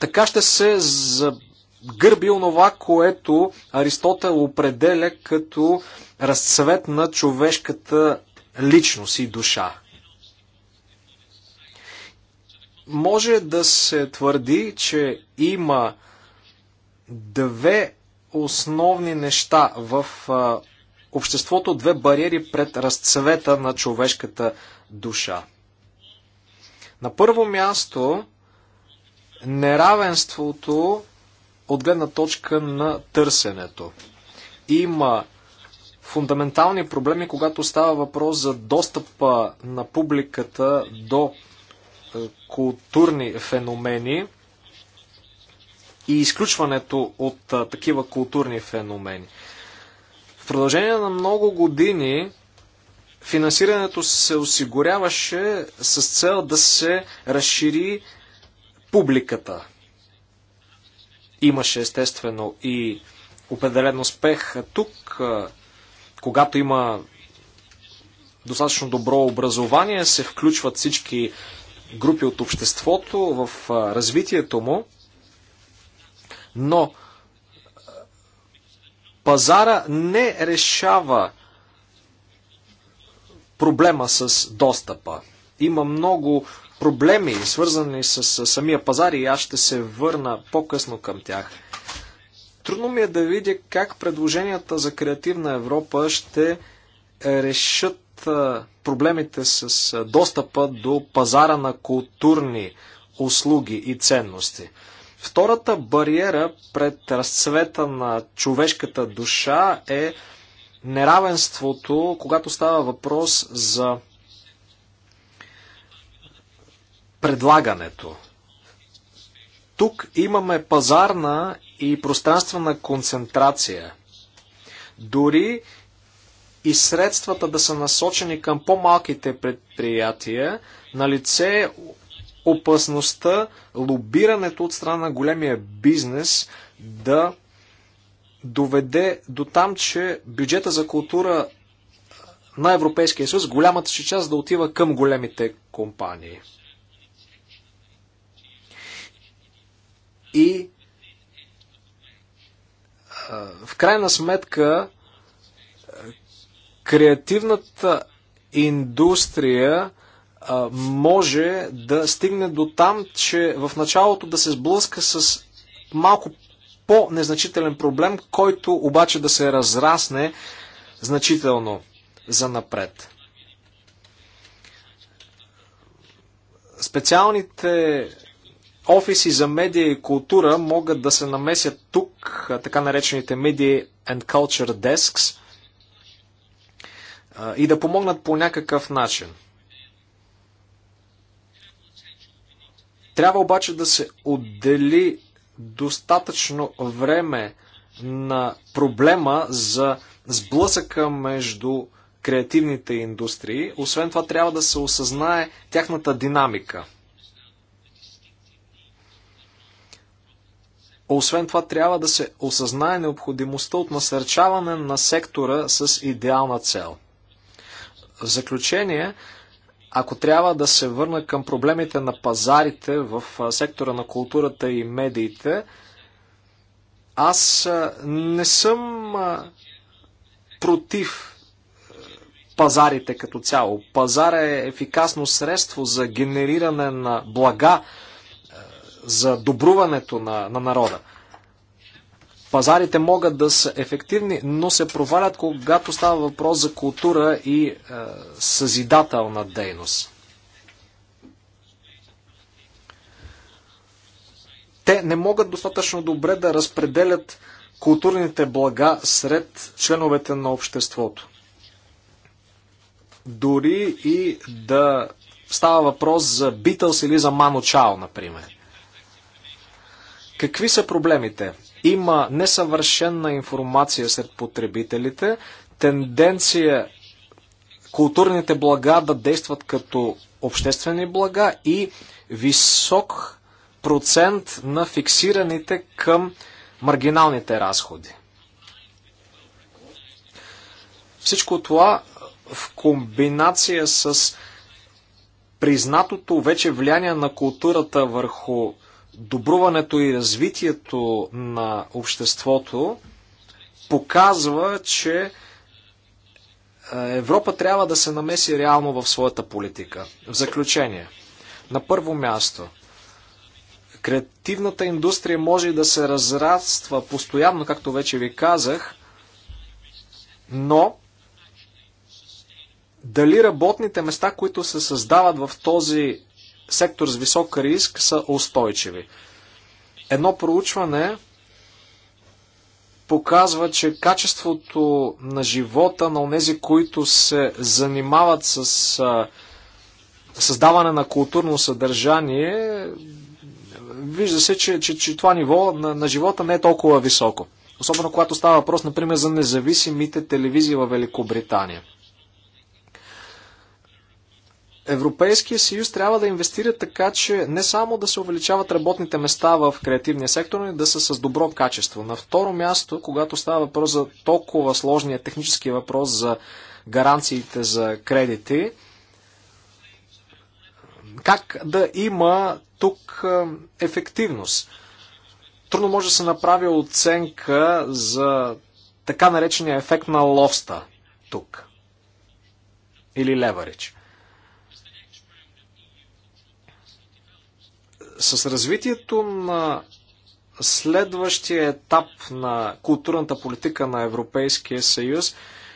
Така ще се загърби онова, което Аристотел определя като разцвет на човешката личност и душа. Може да се твърди, че има две основни неща в обществото, две бариери пред разцвета на човешката душа. На първо място неравенството от гледна точка на търсенето. Има фундаментални проблеми, когато става въпрос за достъпа на публиката до е, културни феномени и изключването от е, такива културни феномени. В продължение на много години финансирането се осигуряваше с цел да се разшири публиката. Имаше естествено и определен успех тук, когато има достатъчно добро образование, се включват всички групи от обществото в развитието му, но пазара не решава проблема с достъпа. Има много проблеми, свързани с, с самия пазар и аз ще се върна по-късно към тях. Трудно ми е да видя как предложенията за креативна Европа ще решат проблемите с достъпа до пазара на културни услуги и ценности. Втората бариера пред разцвета на човешката душа е неравенството, когато става въпрос за предлагането. Тук имаме пазарна и пространствена концентрация. Дори и средствата да са насочени към по-малките предприятия, на лице опасността лобирането от страна на големия бизнес да доведе до там, че бюджета за култура на Европейския съюз, голямата си част да отива към големите компании. и в крайна сметка креативната индустрия може да стигне до там, че в началото да се сблъска с малко по-незначителен проблем, който обаче да се разрасне значително за напред. Специалните офиси за медия и култура могат да се намесят тук, така наречените Media and Culture Desks, и да помогнат по някакъв начин. Трябва обаче да се отдели достатъчно време на проблема за сблъсъка между креативните индустрии. Освен това трябва да се осъзнае тяхната динамика – Освен това, трябва да се осъзнае необходимостта от насърчаване на сектора с идеална цел. В заключение, ако трябва да се върна към проблемите на пазарите в сектора на културата и медиите, аз не съм против пазарите като цяло. Пазар е ефикасно средство за генериране на блага за добруването на, на народа. Пазарите могат да са ефективни, но се провалят, когато става въпрос за култура и е, съзидателна дейност. Те не могат достатъчно добре да разпределят културните блага сред членовете на обществото. Дори и да става въпрос за Битълс или за Мано Чао, например. Какви са проблемите? Има несъвършена информация сред потребителите, тенденция културните блага да действат като обществени блага и висок процент на фиксираните към маргиналните разходи. Всичко това в комбинация с признатото вече влияние на културата върху добруването и развитието на обществото показва, че е, Европа трябва да се намеси реално в своята политика. В заключение, на първо място, креативната индустрия може да се разраства постоянно, както вече ви казах, но дали работните места, които се създават в този сектор с висок риск са устойчиви. Едно проучване показва, че качеството на живота на онези, които се занимават с създаване на културно съдържание, вижда се, че, че, че това ниво на, на живота не е толкова високо. Особено когато става въпрос, например, за независимите телевизии във Великобритания. Европейския съюз трябва да инвестира така, че не само да се увеличават работните места в креативния сектор, но и да са с добро качество. На второ място, когато става въпрос за толкова сложния технически въпрос за гаранциите за кредити, как да има тук ефективност? Трудно може да се направи оценка за така наречения ефект на ловста тук. Или леварич. С развитието на следващия етап на културната политика на Европейския съюз,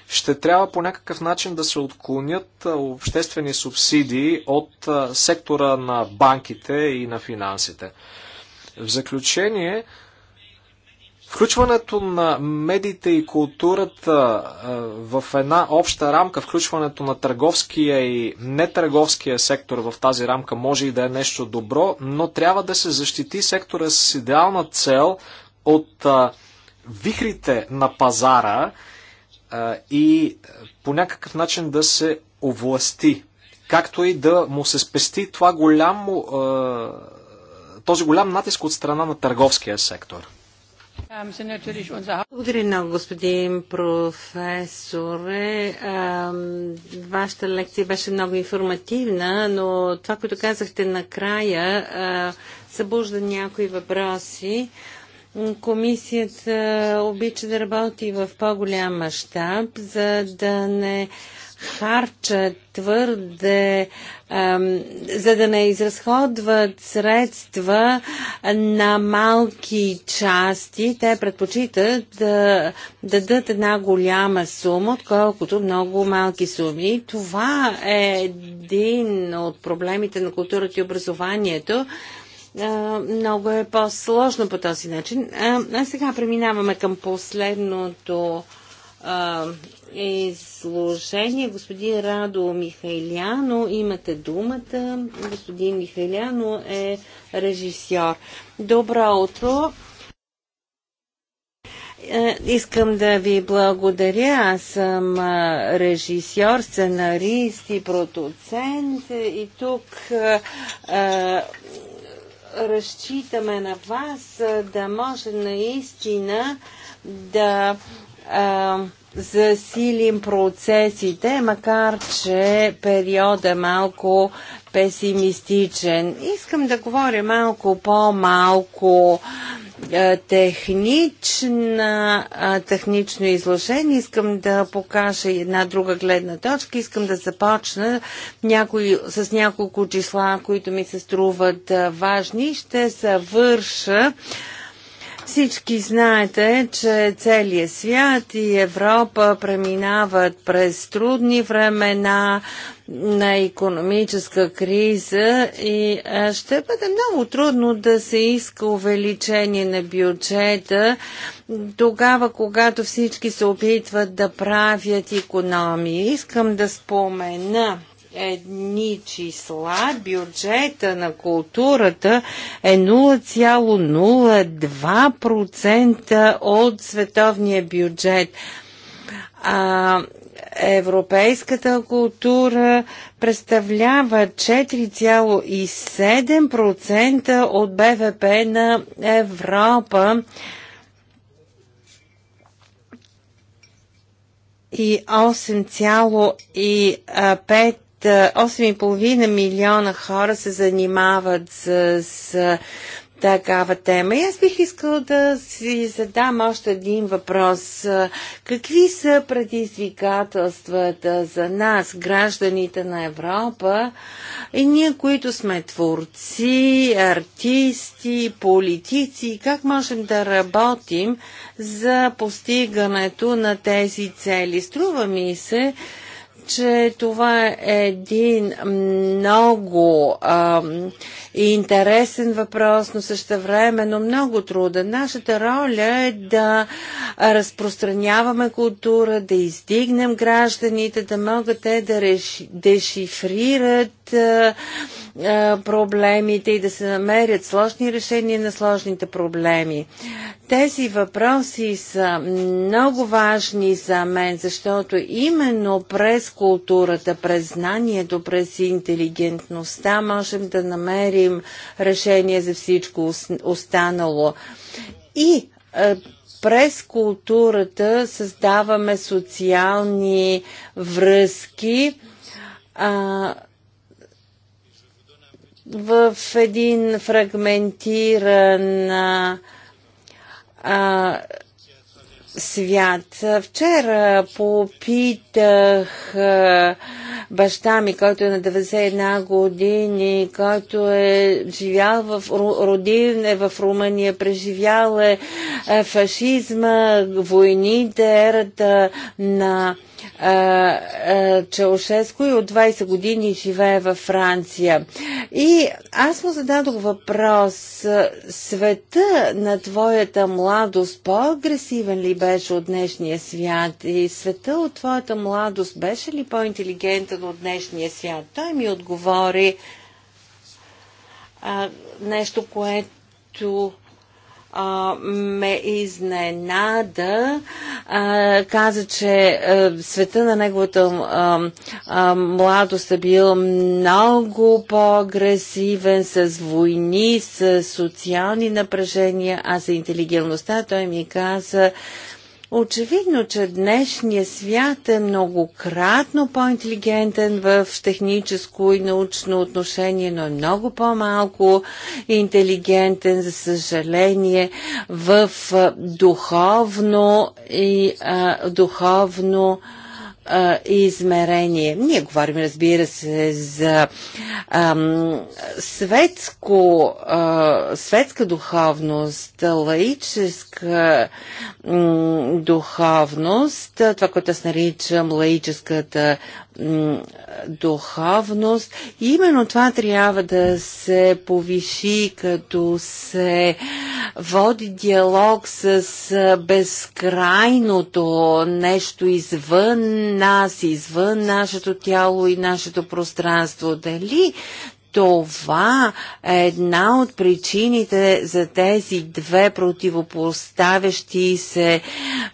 ще трябва по някакъв начин да се отклонят обществени субсидии от сектора на банките и на финансите. В заключение, Включването на медиите и културата в една обща рамка, включването на търговския и нетърговския сектор в тази рамка може и да е нещо добро, но трябва да се защити сектора с идеална цел от вихрите на пазара и по някакъв начин да се овласти, както и да му се спести това голямо, този голям натиск от страна на търговския сектор. Благодаря много, господин професор. Вашата лекция беше много информативна, но това, което казахте накрая, събужда някои въпроси. Комисията обича да работи в по-голям мащаб, за да не харча твърде, ем, за да не изразходват средства на малки части, те предпочитат да дадат една голяма сума, отколкото много малки суми. Това е един от проблемите на културата и образованието много е по-сложно по този начин. А сега преминаваме към последното а, изложение. Господин Радо Михайляно, имате думата. Господин Михайляно е режисьор. Добро утро! Е, искам да ви благодаря. Аз съм режисьор, сценарист и продуцент и тук а, разчитаме на вас да може наистина да а, засилим процесите, макар че периода е малко песимистичен. Искам да говоря малко по-малко технична, технично изложение. Искам да покажа една друга гледна точка. Искам да започна някой, с няколко числа, които ми се струват важни. Ще завърша всички знаете, че целият свят и Европа преминават през трудни времена на економическа криза и ще бъде много трудно да се иска увеличение на бюджета тогава, когато всички се опитват да правят економии. Искам да спомена едни числа, бюджета на културата е 0,02% от световния бюджет. А, европейската култура представлява 4,7% от БВП на Европа. и 8,5 8,5 е, милиона хора се занимават с, с такава тема. И аз бих искала да си задам още един въпрос. Е, какви са предизвикателствата за нас, гражданите на Европа, и ние, които сме творци, артисти, политици, как можем да работим за постигането на тези цели? Струва ми се, че това е един много а, интересен въпрос, но също време, но много труден. Нашата роля е да разпространяваме култура, да издигнем гражданите, да могат те да реши, дешифрират а, проблемите и да се намерят сложни решения на сложните проблеми. Тези въпроси са много важни за мен, защото именно през културата, през знанието, през интелигентността можем да намерим решение за всичко останало. И през културата създаваме социални връзки, в един фрагментиран а, свят. Вчера попитах баща ми, който е на 91 години, който е живял в родин, е в Румъния, преживял е, е фашизма, войните, ерата на Чаушеско и от 20 години живее във Франция. И аз му зададох въпрос. Света на твоята младост по-агресивен ли беше от днешния свят? И света от твоята младост беше ли по-интелигентен от днешния свят? Той ми отговори а, нещо, което ме изненада. А, каза, че а, света на неговата а, а, младост е бил много по-агресивен с войни, с социални напрежения, а за интелигентността той ми каза, Очевидно, че днешния свят е многократно по-интелигентен в техническо и научно отношение, но е много по-малко интелигентен, за съжаление, в духовно и а, духовно измерение. Ние говорим, разбира се, за светско, а, светска духовност, лаическа м, духовност, това, което аз наричам лаическата духовност. И именно това трябва да се повиши, като се води диалог с безкрайното нещо извън нас, извън нашето тяло и нашето пространство. Дали това е една от причините за тези две противопоставящи се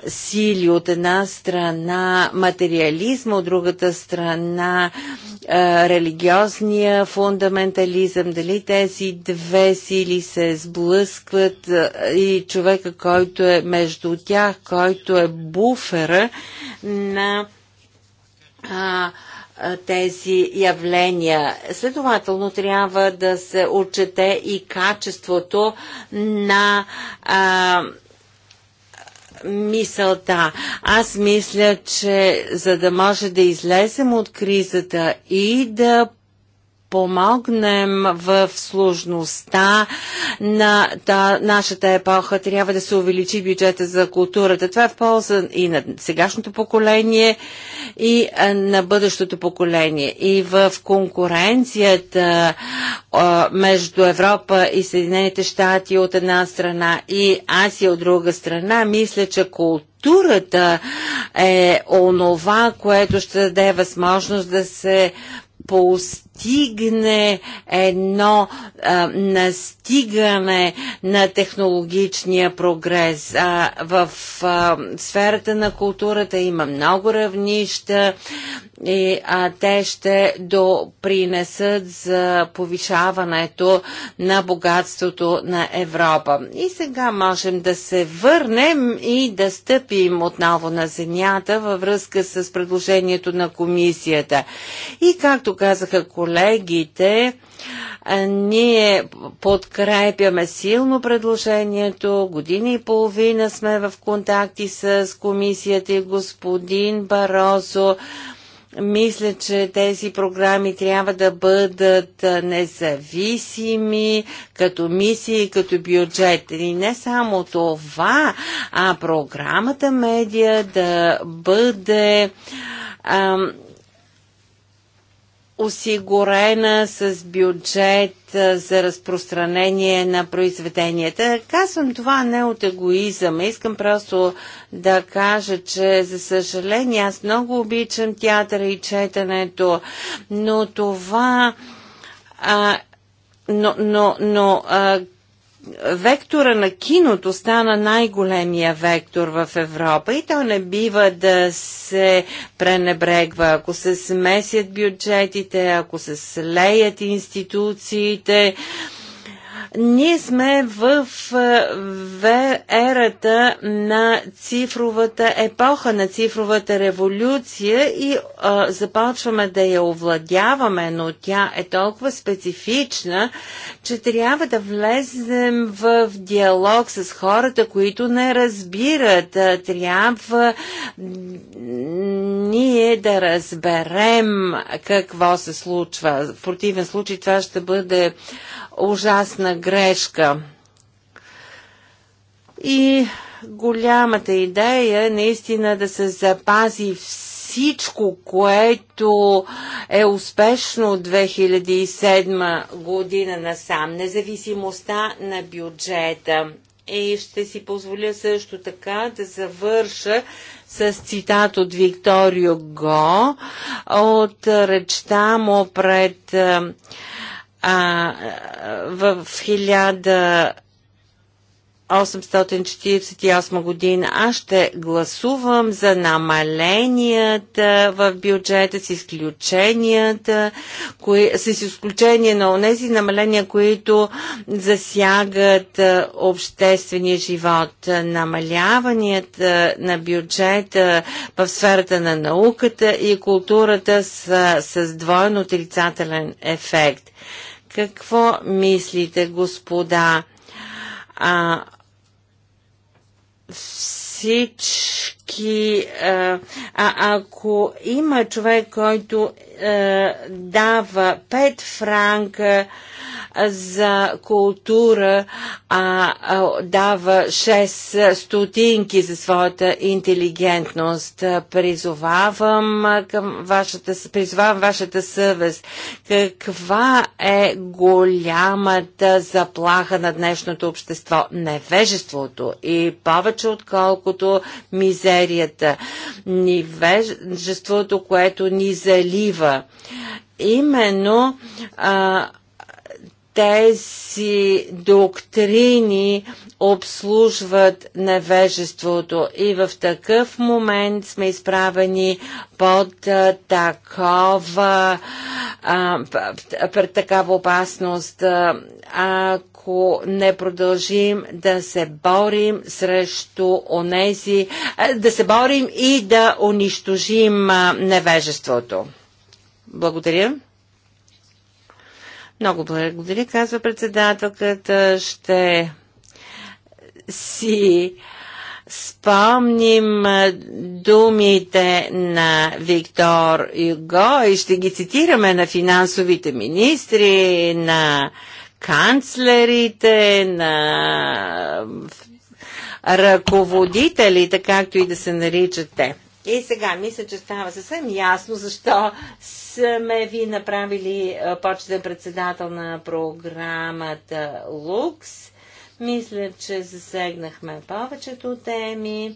сили. От една страна материализма, от другата страна е, религиозния фундаментализъм. Дали тези две сили се сблъскват е, и човека, който е между тях, който е буфера на. а, тези явления. Следователно трябва да се отчете и качеството на а, мисълта. Аз мисля, че за да може да излезем от кризата и да помогнем в сложността на та, нашата епоха. Трябва да се увеличи бюджета за културата. Това е в полза и на сегашното поколение, и на бъдещото поколение. И в конкуренцията между Европа и Съединените щати от една страна и Азия от друга страна, мисля, че култура културата е онова, което ще даде възможност да се пост настигне едно а, настигане на технологичния прогрес. А, в а, сферата на културата има много равнища и а, те ще допринесат за повишаването на богатството на Европа. И сега можем да се върнем и да стъпим отново на земята във връзка с предложението на комисията. И както казаха колеги, колегите. Ние подкрепяме силно предложението. Година и половина сме в контакти с комисията и господин Баросо. Мисля, че тези програми трябва да бъдат независими като мисии, като бюджет. И не само това, а програмата медиа да бъде ам, осигурена с бюджет за разпространение на произведенията. Казвам това не от егоизъм. Искам просто да кажа, че за съжаление аз много обичам театъра и четенето, но това а, но, но, но а, вектора на киното стана най-големия вектор в Европа и то не бива да се пренебрегва. Ако се смесят бюджетите, ако се слеят институциите, ние сме е, в ерата на цифровата епоха, на цифровата революция и а, е, започваме да я овладяваме, но тя е толкова специфична, че трябва да влезем в диалог с хората, които не разбират. Е, трябва ние да разберем какво се случва. В противен случай това ще бъде ужасна грешка. И голямата идея е наистина да се запази всичко, което е успешно от 2007 година насам, независимостта на бюджета, и ще си позволя също така да завърша с цитат от Викторио Го от речта му пред а, в 1000 848 година. Аз ще гласувам за намаленията в бюджета с изключенията, кои, с изключение на тези намаления, които засягат обществения живот. Намаляванията на бюджета в сферата на науката и културата с, с двойно отрицателен ефект. Какво мислите, господа? а, всички, а, е, а ако има човек, който а, е, дава 5 франка за култура а, а, дава 6 стотинки за своята интелигентност. Призовавам към вашата, призовавам вашата съвест. Каква е голямата заплаха на днешното общество? Невежеството и повече отколкото мизерията. Невежеството, което ни залива именно а, тези доктрини обслужват невежеството и в такъв момент сме изправени под такова, а, пред такава опасност, ако не продължим да се борим срещу онези, да се борим и да унищожим невежеството. Благодаря. Много благодаря, казва председателката. Ще си спомним думите на Виктор Юго и ще ги цитираме на финансовите министри, на канцлерите, на ръководителите, както и да се наричат те. И сега мисля, че става съвсем ясно защо сме ви направили е, почетен председател на програмата Лукс. Мисля, че засегнахме повечето теми.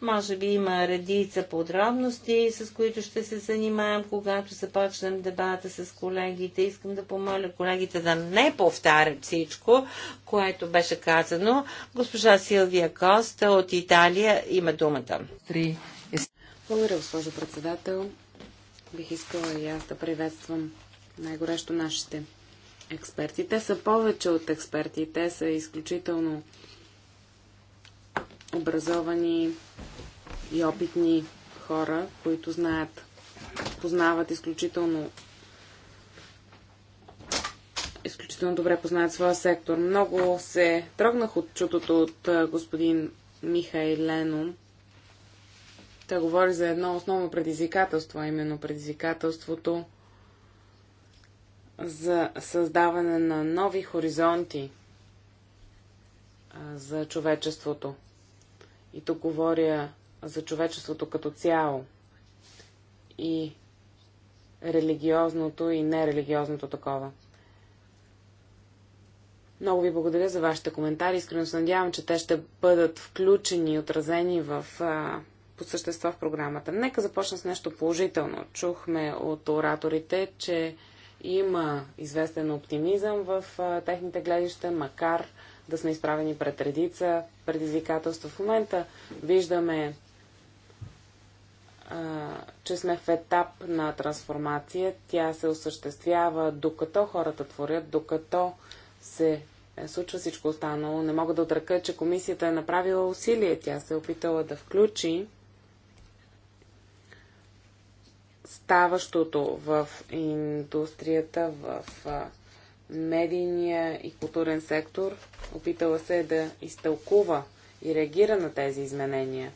Може би има редица подробности, с които ще се занимаем, когато започнем дебата с колегите. Искам да помоля колегите да не повтарят всичко, което беше казано. Госпожа Силвия Коста от Италия има думата. Три. Благодаря, госпожо председател. Бих искала и аз да приветствам най-горещо нашите експерти. Те са повече от експерти. Те са изключително образовани и опитни хора, които знаят, познават изключително изключително добре познават своя сектор. Много се трогнах от чутото от господин Михай Лено, тя говори за едно основно предизвикателство, а именно предизвикателството за създаване на нови хоризонти за човечеството. И тук говоря за човечеството като цяло и религиозното и нерелигиозното такова. Много ви благодаря за вашите коментари. Искрено се надявам, че те ще бъдат включени и отразени в а, по същество в програмата. Нека започна с нещо положително. Чухме от ораторите, че има известен оптимизъм в техните гледища, макар да сме изправени пред редица предизвикателства. В момента виждаме, че сме в етап на трансформация. Тя се осъществява докато хората творят, докато се е, случва всичко останало. Не мога да отръка, че комисията е направила усилие. Тя се е опитала да включи ставащото в индустрията, в медийния и културен сектор. Опитала се да изтълкува и реагира на тези изменения.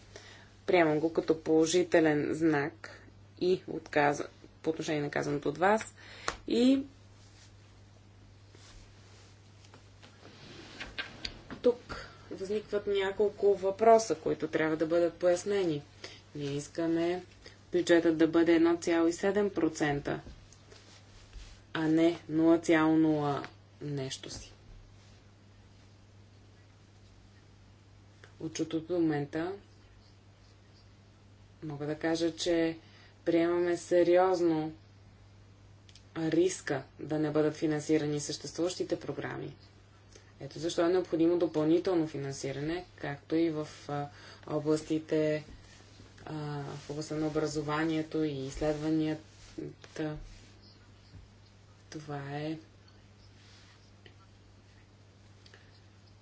Приемам го като положителен знак и отказа, по отношение на казаното от вас. И тук възникват няколко въпроса, които трябва да бъдат пояснени. Ние искаме бюджетът да бъде 1,7%, а не 0,0 нещо си. Отчуто до момента мога да кажа, че приемаме сериозно риска да не бъдат финансирани съществуващите програми. Ето защо е необходимо допълнително финансиране, както и в областите в областта на образованието и изследванията. Това е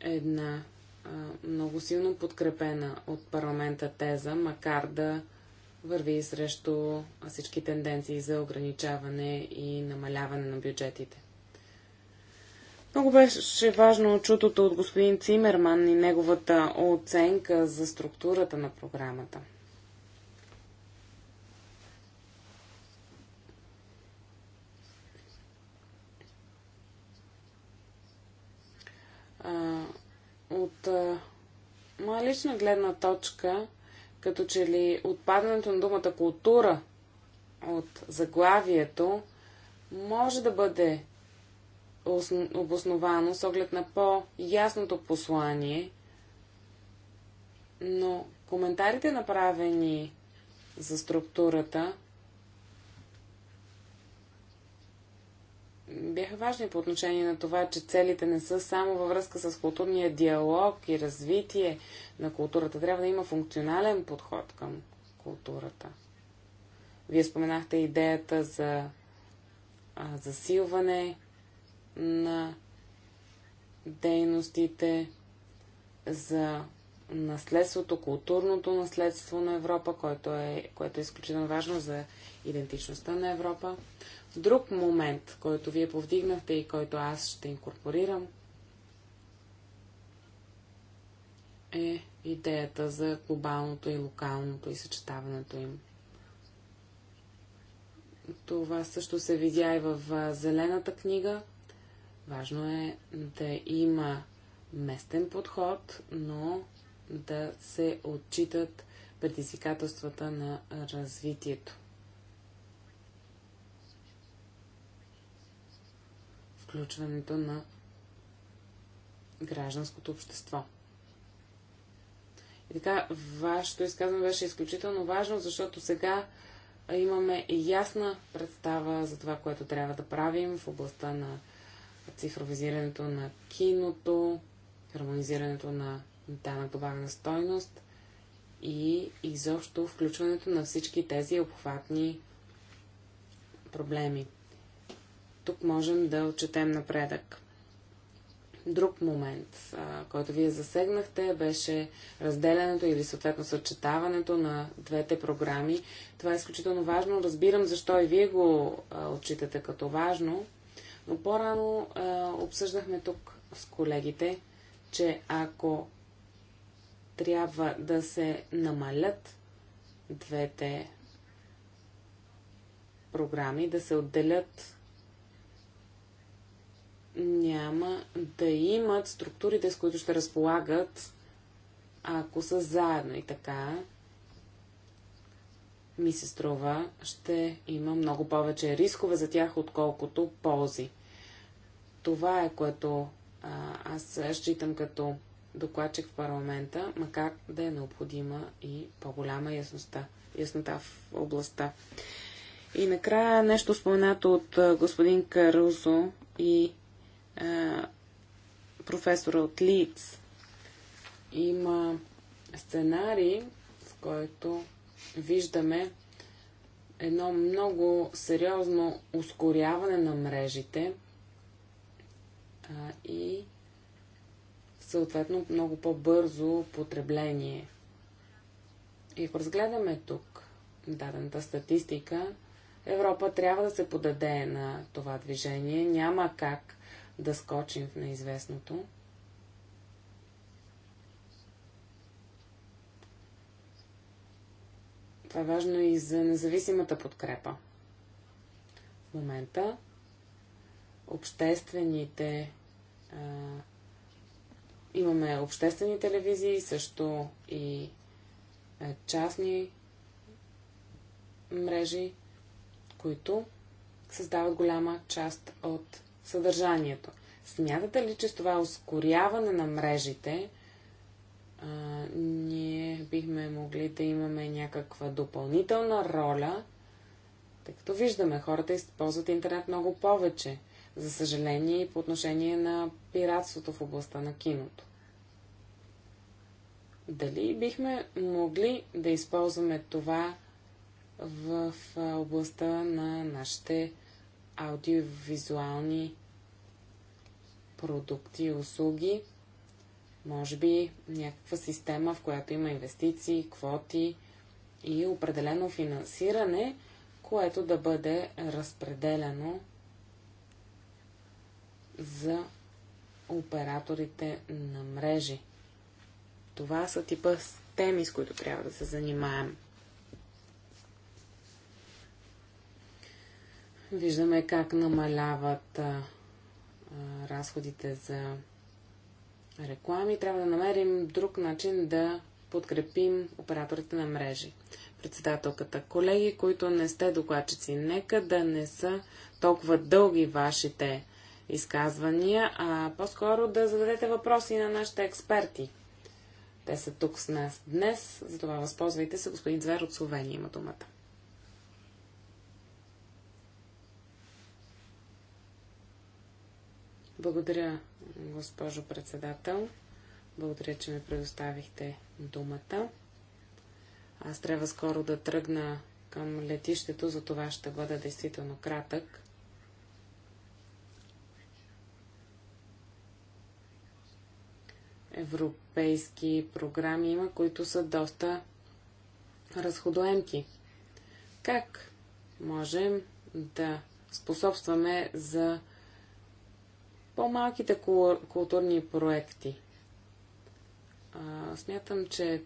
една а, много силно подкрепена от парламента теза, макар да върви срещу всички тенденции за ограничаване и намаляване на бюджетите. Много беше важно чутото от господин Цимерман и неговата оценка за структурата на програмата – От а, моя лична гледна точка, като че ли отпадането на думата култура от заглавието може да бъде обосновано с оглед на по-ясното послание, но коментарите направени за структурата бяха важни по отношение на това, че целите не са само във връзка с културния диалог и развитие на културата. Трябва да има функционален подход към културата. Вие споменахте идеята за а, засилване на дейностите, за наследството, културното наследство на Европа, което е, което е изключително важно за идентичността на Европа. Друг момент, който вие повдигнахте и който аз ще инкорпорирам, е идеята за глобалното и локалното и съчетаването им. Това също се видя и в Зелената книга. Важно е да има местен подход, но да се отчитат предизвикателствата на развитието. включването на гражданското общество. И така, вашето изказване беше изключително важно, защото сега имаме ясна представа за това, което трябва да правим в областта на цифровизирането на киното, хармонизирането на данък добавена стойност и изобщо включването на всички тези обхватни проблеми тук можем да отчетем напредък. Друг момент, който вие засегнахте, беше разделянето или съответно съчетаването на двете програми. Това е изключително важно. Разбирам защо и вие го отчитате като важно, но по-рано обсъждахме тук с колегите, че ако трябва да се намалят двете програми, да се отделят няма да имат структурите, с които ще разполагат, ако са заедно и така, ми се струва, ще има много повече рискове за тях, отколкото ползи. Това е което а, аз считам като докладчик в парламента, макар да е необходима и по-голяма яснота, яснота в областта. И накрая нещо споменато от господин Карузо и е, професора от Лиц. Има сценарий, в който виждаме едно много сериозно ускоряване на мрежите а, и съответно много по-бързо потребление. И ако разгледаме тук дадената статистика, Европа трябва да се подаде на това движение. Няма как да скочим в неизвестното. Това е важно и за независимата подкрепа. В момента обществените Е, имаме обществени телевизии, също и е, частни мрежи, които създават голяма част от съдържанието. Смятате ли, че с това ускоряване на мрежите а, ние бихме могли да имаме някаква допълнителна роля, тъй като виждаме, хората използват интернет много повече, за съжаление и по отношение на пиратството в областта на киното. Дали бихме могли да използваме това в областта на нашите аудиовизуални продукти и услуги. Може би някаква система, в която има инвестиции, квоти и определено финансиране, което да бъде разпределено за операторите на мрежи. Това са типа теми, с които трябва да се занимаем. Виждаме как намаляват а, разходите за реклами, трябва да намерим друг начин да подкрепим операторите на мрежи. Председателката, колеги, които не сте докладчици, нека да не са толкова дълги вашите изказвания, а по-скоро да зададете въпроси на нашите експерти. Те са тук с нас днес, затова възползвайте се. Господин Звер от Словения има думата. Благодаря, госпожо председател. Благодаря, че ми предоставихте думата. Аз трябва скоро да тръгна към летището, за това ще бъда действително кратък. Европейски програми има, които са доста разходоемки. Как можем да способстваме за по-малките културни проекти. А, смятам, че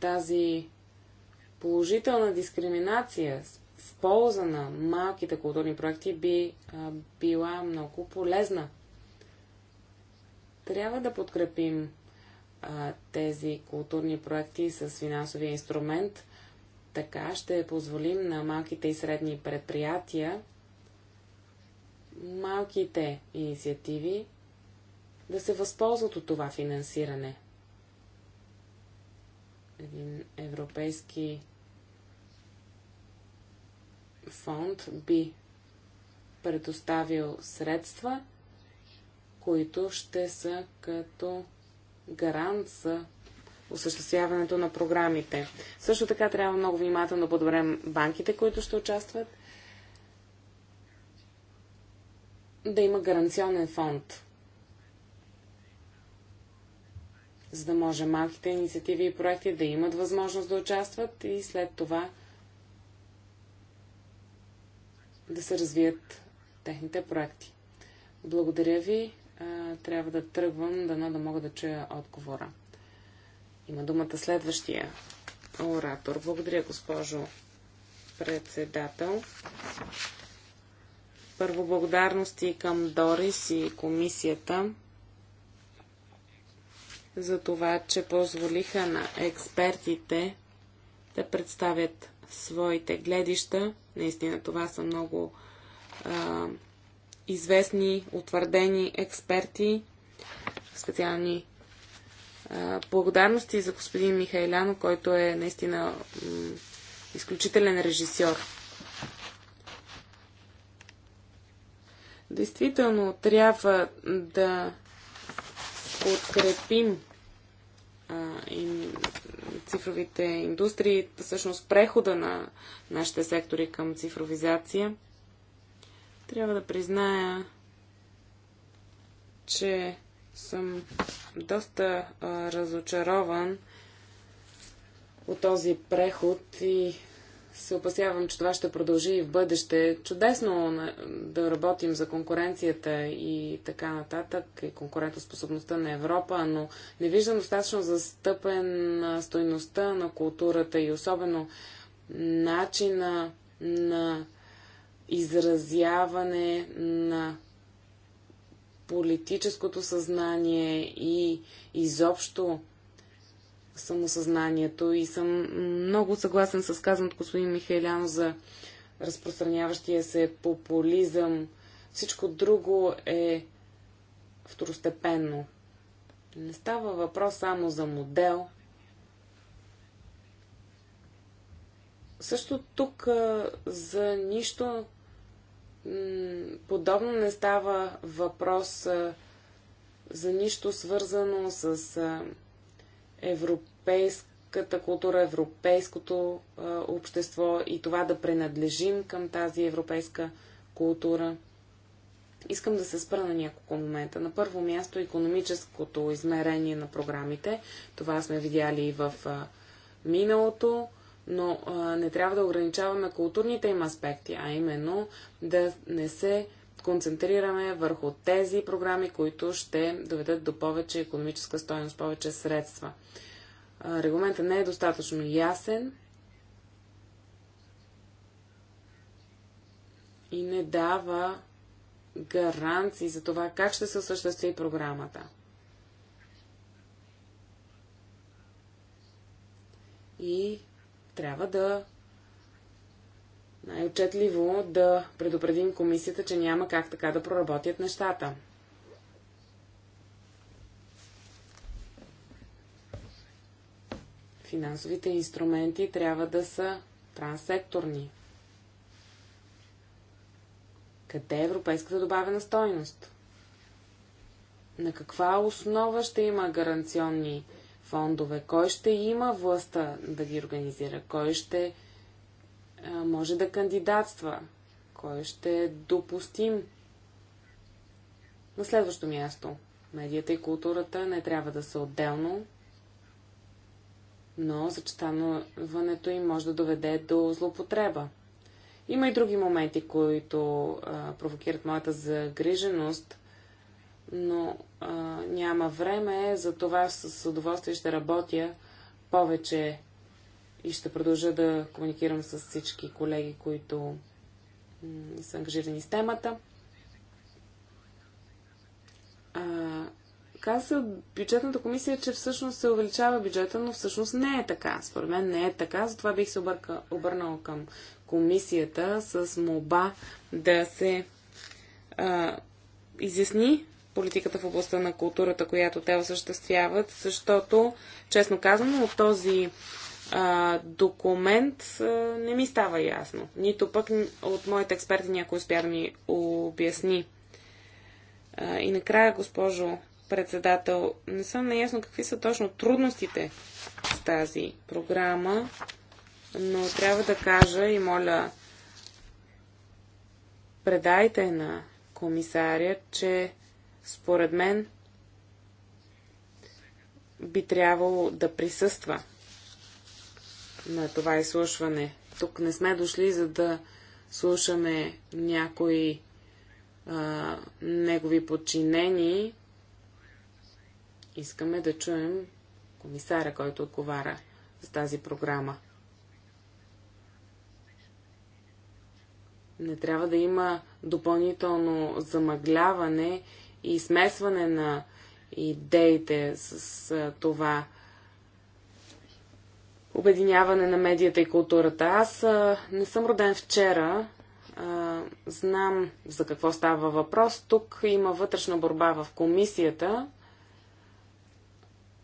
тази положителна дискриминация в полза на малките културни проекти би а, била много полезна. Трябва да подкрепим а, тези културни проекти с финансовия инструмент. Така ще позволим на малките и средни предприятия малките инициативи да се възползват от това финансиране. Един европейски фонд би предоставил средства, които ще са като гарант за осъществяването на програмите. Също така трябва много внимателно да подберем банките, които ще участват да има гаранционен фонд, за да може малките инициативи и проекти да имат възможност да участват и след това да се развият техните проекти. Благодаря ви. Трябва да тръгвам, дано да мога да чуя отговора. Има думата следващия оратор. Благодаря, госпожо председател. Първо благодарности към Дорис и комисията за това, че позволиха на експертите да представят своите гледища. Наистина това са много а, известни, утвърдени експерти. Специални а, благодарности за господин Михайляно, който е наистина изключителен режисьор. Действително трябва да подкрепим и цифровите индустрии, всъщност прехода на нашите сектори към цифровизация. Трябва да призная, че съм доста а, разочарован от този преход и се опасявам, че това ще продължи и в бъдеще. Чудесно да работим за конкуренцията и така нататък, и конкурентоспособността на Европа, но не виждам достатъчно застъпен стойността на културата и особено начина на изразяване на политическото съзнание и изобщо самосъзнанието и съм много съгласен с казаното господин Михайляно за разпространяващия се популизъм. Всичко друго е второстепенно. Не става въпрос само за модел. Също тук за нищо подобно не става въпрос за нищо свързано с европейската култура, европейското а, общество и това да принадлежим към тази европейска култура. Искам да се спра на няколко момента. На първо място економическото измерение на програмите. Това сме видяли и в а, миналото, но а, не трябва да ограничаваме културните им аспекти, а именно да не се концентрираме върху тези програми, които ще доведат до повече економическа стоеност, повече средства. Регламентът не е достатъчно ясен и не дава гаранции за това как ще се осъществи програмата. И трябва да най-отчетливо да предупредим комисията, че няма как така да проработят нещата. Финансовите инструменти трябва да са транссекторни. Къде е европейската добавена стойност? На каква основа ще има гаранционни фондове? Кой ще има властта да ги организира? Кой ще може да кандидатства, кой ще е допустим. На следващо място, медията и културата не трябва да са отделно, но съчетаването им може да доведе до злопотреба. Има и други моменти, които а, провокират моята загриженост, но а, няма време, за това с удоволствие ще работя повече и ще продължа да комуникирам с всички колеги, които са ангажирани с темата. А, каза бюджетната комисия, че всъщност се увеличава бюджета, но всъщност не е така. Според мен не е така, затова бих се обърка, обърнала към комисията с моба да се а, изясни политиката в областта на културата, която те осъществяват, защото, честно казано, от този а, документ а, не ми става ясно. Нито пък от моите експерти някой успя да ми обясни. А, и накрая, госпожо председател, не съм наясно какви са точно трудностите с тази програма, но трябва да кажа и моля, предайте на комисаря, че според мен би трябвало да присъства на това изслушване. Тук не сме дошли, за да слушаме някои а, негови подчинени. Искаме да чуем комисара, който отговаря за тази програма. Не трябва да има допълнително замъгляване и смесване на идеите с, с това обединяване на медията и културата. Аз а, не съм роден вчера. А, знам за какво става въпрос. Тук има вътрешна борба в комисията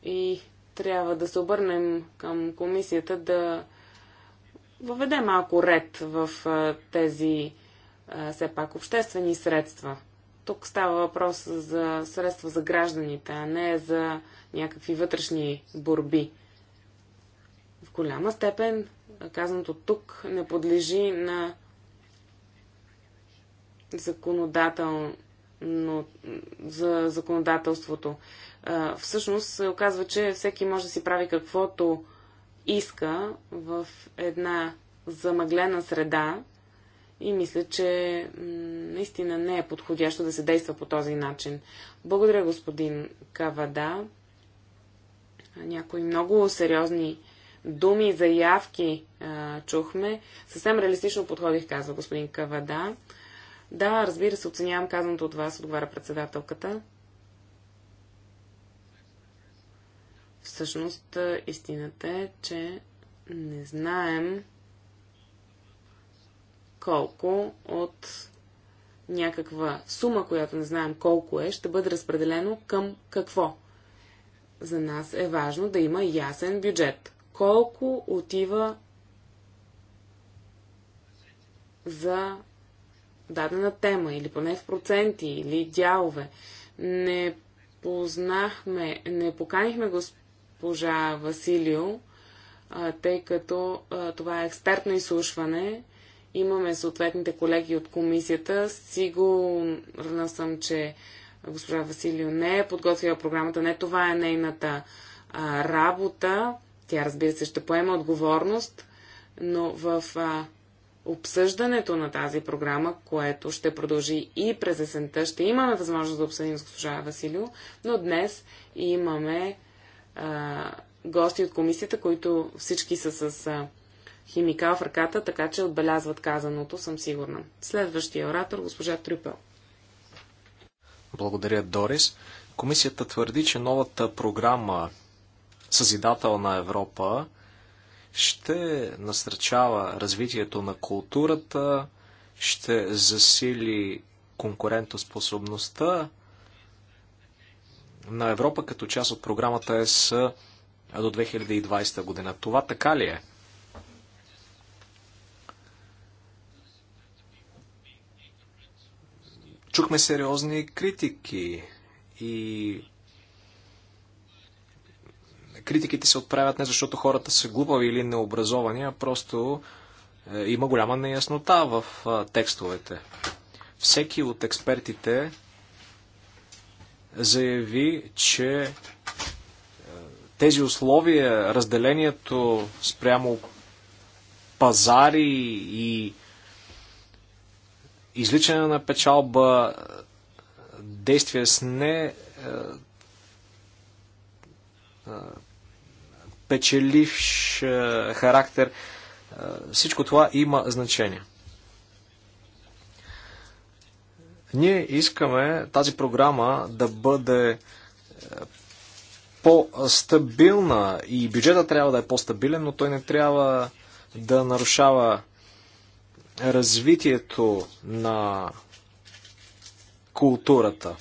и трябва да се обърнем към комисията да въведе малко ред в а, тези а, все пак обществени средства. Тук става въпрос за средства за гражданите, а не за някакви вътрешни борби голяма степен казаното тук не подлежи на но за законодателството. Всъщност се оказва, че всеки може да си прави каквото иска в една замъглена среда и мисля, че наистина не е подходящо да се действа по този начин. Благодаря, господин Кавада. Някои много сериозни думи, заявки а, чухме, съвсем реалистично подходих, казва господин Кавада. Да, разбира се, оценявам казаното от вас, отговаря председателката. Всъщност, истината е, че не знаем колко от някаква сума, която не знаем колко е, ще бъде разпределено към какво. За нас е важно да има ясен бюджет колко отива за дадена тема, или поне в проценти, или дялове. Не познахме, не поканихме госпожа Василио, а, тъй като а, това е експертно изслушване. Имаме съответните колеги от комисията. Сигурна съм, че госпожа Василио не е подготвила програмата. Не това е нейната а, работа. Тя, разбира се, ще поема отговорност, но в а, обсъждането на тази програма, което ще продължи и през есента, ще имаме възможност да обсъдим с госпожа Василио, но днес имаме а, гости от комисията, които всички са с а, химикал в ръката, така че отбелязват казаното, съм сигурна. Следващия оратор, госпожа Трюпел. Благодаря, Дорис. Комисията твърди, че новата програма Съзидател на Европа ще насърчава развитието на културата, ще засили конкурентоспособността на Европа като част от програмата ЕС до 2020 година. Това така ли е? Чухме сериозни критики и критиките се отправят не защото хората са глупави или необразовани, а просто е, има голяма неяснота в текстовете. Всеки от експертите заяви, че е, тези условия, разделението спрямо пазари и изличане на печалба, е, действия с не печеливш е, характер. Е, всичко това има значение. Ние искаме тази програма да бъде е, по-стабилна и бюджета трябва да е по-стабилен, но той не трябва да нарушава развитието на културата.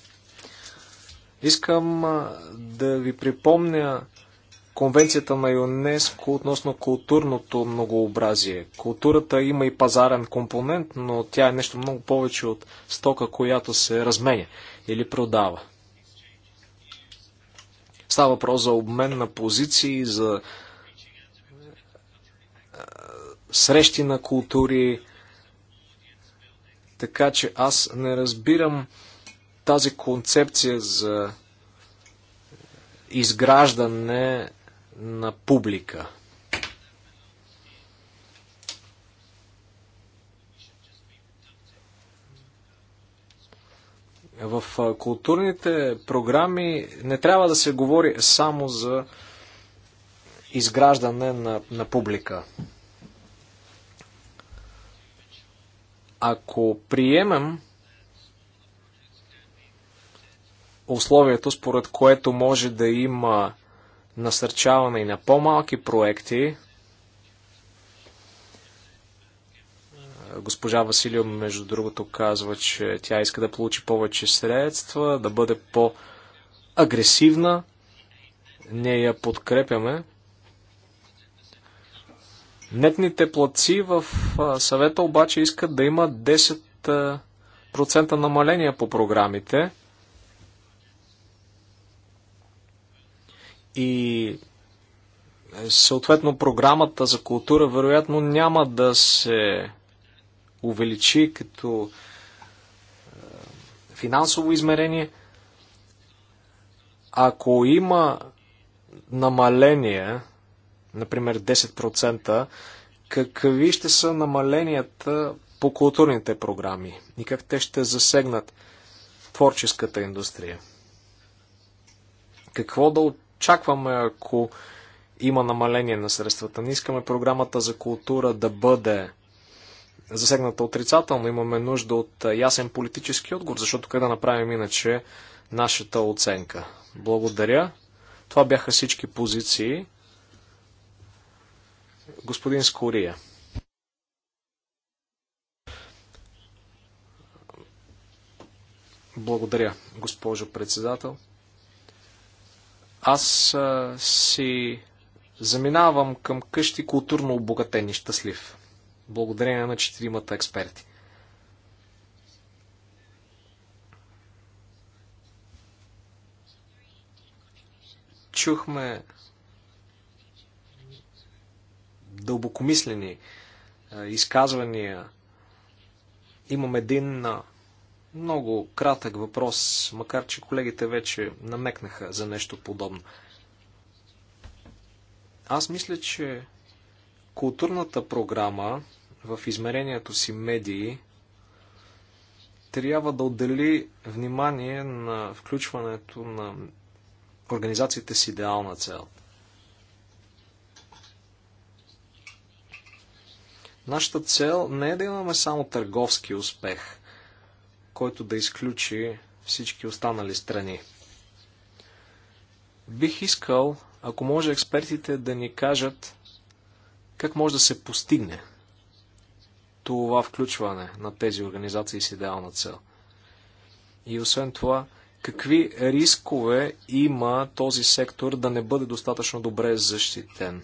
Искам да ви припомня Конвенцията на ЮНЕСКО относно културното многообразие. Културата има и пазарен компонент, но тя е нещо много повече от стока, която се разменя или продава. Става въпрос за обмен на позиции, за е, срещи на култури. Така че аз не разбирам тази концепция за изграждане на публика. В културните програми не трябва да се говори само за изграждане на, на публика. Ако приемем условието, според което може да има насърчаваме и на по-малки проекти. Госпожа Василио, между другото, казва, че тя иска да получи повече средства, да бъде по-агресивна. Ние я подкрепяме. Нетните платци в съвета обаче искат да има 10% намаления по програмите. и е, съответно програмата за култура вероятно няма да се увеличи като е, финансово измерение. Ако има намаление, например 10%, какви ще са намаленията по културните програми и как те ще засегнат творческата индустрия? Какво да очакваме, ако има намаление на средствата. Не искаме програмата за култура да бъде засегната отрицателно. Имаме нужда от ясен политически отговор, защото къде да направим иначе нашата оценка. Благодаря. Това бяха всички позиции. Господин Скория. Благодаря, госпожо председател. Аз а, си заминавам към къщи културно обогатен и щастлив. Благодарение на четиримата експерти. Чухме дълбокомислени изказвания. Имам един много кратък въпрос, макар че колегите вече намекнаха за нещо подобно. Аз мисля, че културната програма в измерението си медии трябва да отдели внимание на включването на организациите с идеална цел. Нашата цел не е да имаме само търговски успех – който да изключи всички останали страни. Бих искал, ако може експертите да ни кажат как може да се постигне това включване на тези организации с идеална цел. И освен това, какви рискове има този сектор да не бъде достатъчно добре защитен?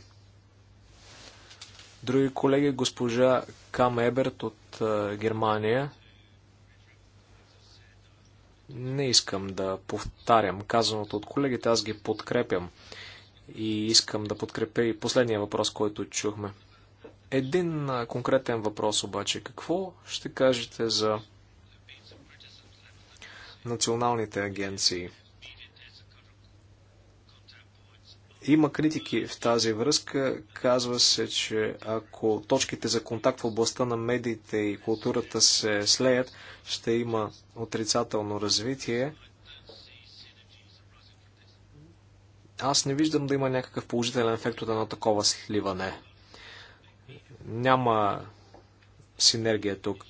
Други колеги, госпожа Кам Еберт от Германия, не искам да повтарям казаното от колегите, аз ги подкрепям. И искам да подкрепя и последния въпрос, който чухме. Един конкретен въпрос обаче. Какво ще кажете за националните агенции? Има критики в тази връзка. Казва се, че ако точките за контакт в областта на медиите и културата се слеят, ще има отрицателно развитие. Аз не виждам да има някакъв положителен ефект от едно такова сливане. Няма синергия тук.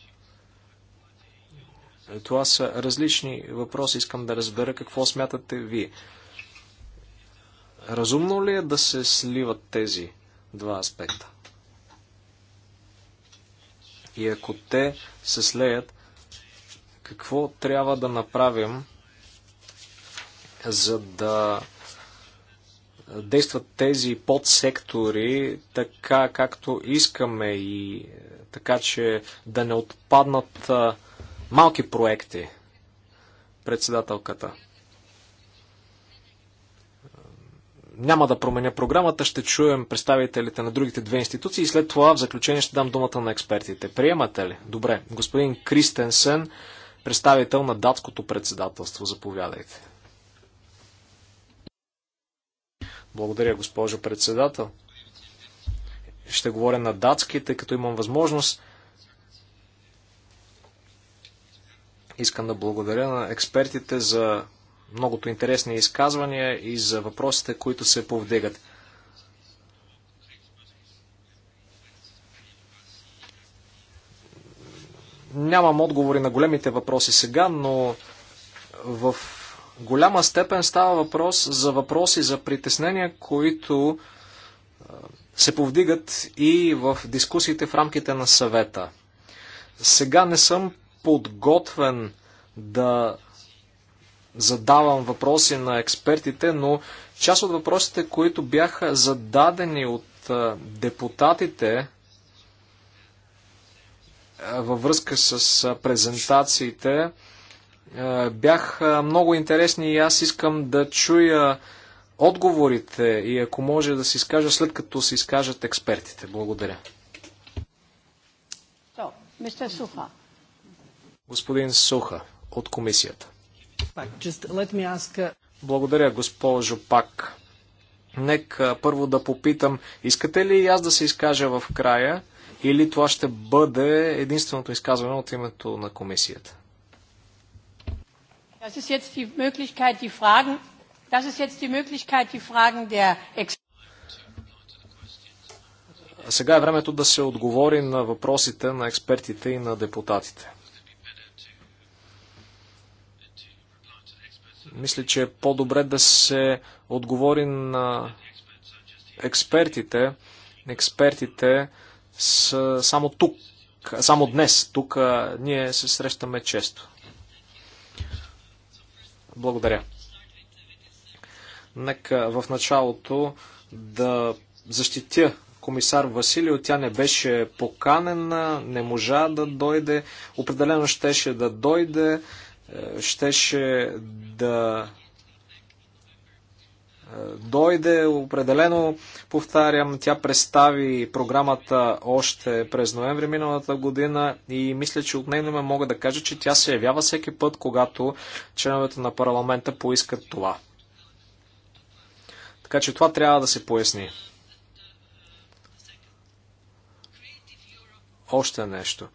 Това са различни въпроси. Искам да разбера какво смятате вие. Разумно ли е да се сливат тези два аспекта? И ако те се слеят, какво трябва да направим, за да действат тези подсектори така, както искаме и е, така, че да не отпаднат малки проекти? Председателката. няма да променя програмата, ще чуем представителите на другите две институции и след това в заключение ще дам думата на експертите. Приемате ли? Добре. Господин Кристенсен, представител на датското председателство. Заповядайте. Благодаря, госпожо председател. Ще говоря на датски, тъй като имам възможност. Искам да благодаря на експертите за многото интересни изказвания и за въпросите, които се повдигат. Нямам отговори на големите въпроси сега, но в голяма степен става въпрос за въпроси за притеснения, които се повдигат и в дискусиите в рамките на съвета. Сега не съм подготвен да задавам въпроси на експертите, но част от въпросите, които бяха зададени от депутатите във връзка с презентациите, бяха много интересни и аз искам да чуя отговорите и ако може да се изкажа след като се изкажат експертите. Благодаря. Господин Суха от комисията. Uh, Благодаря, госпожо Пак. Нека първо да попитам, искате ли аз да се изкажа в края или това ще бъде единственото изказване от името на комисията? Сега е времето да се отговори на въпросите на експертите и на депутатите. Мисля, че е по-добре да се отговори на експертите. Експертите са само тук, само днес. Тук ние се срещаме често. Благодаря. Нека в началото да защитя комисар Василио. Тя не беше поканена, не можа да дойде. Определено щеше да дойде. Е, щеше да е, дойде. Определено, повтарям, тя представи програмата още през ноември миналата година и мисля, че от нейно ме мога да кажа, че тя се явява всеки път, когато членовете на парламента поискат това. Така че това трябва да се поясни. Още нещо.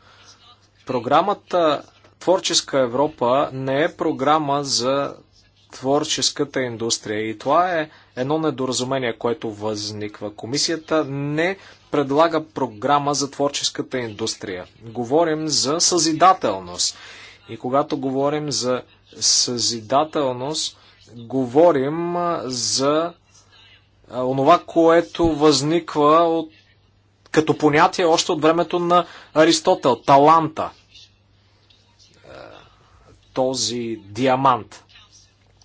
Програмата Творческа Европа не е програма за творческата индустрия. И това е едно недоразумение, което възниква. Комисията не предлага програма за творческата индустрия. Говорим за съзидателност. И когато говорим за съзидателност, говорим за онова, което възниква от, като понятие още от времето на Аристотел таланта – този диамант.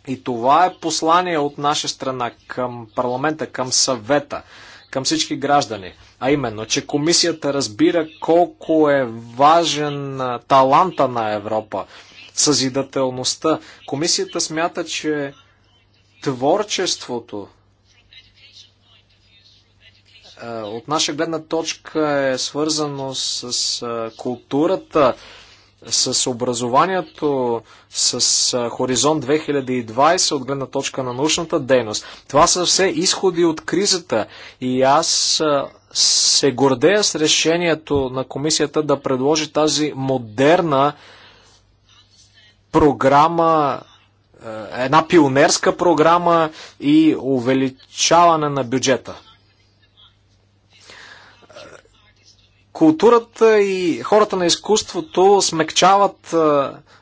И това е послание от наша страна към парламента, към съвета, към всички граждани. А именно, че комисията разбира колко е важен таланта на Европа, съзидателността. Комисията смята, че творчеството от наша гледна точка е свързано с културата, с образованието, с Хоризонт 2020 от гледна точка на научната дейност. Това са все изходи от кризата и аз се гордея с решението на комисията да предложи тази модерна програма, една пионерска програма и увеличаване на бюджета. културата и хората на изкуството смекчават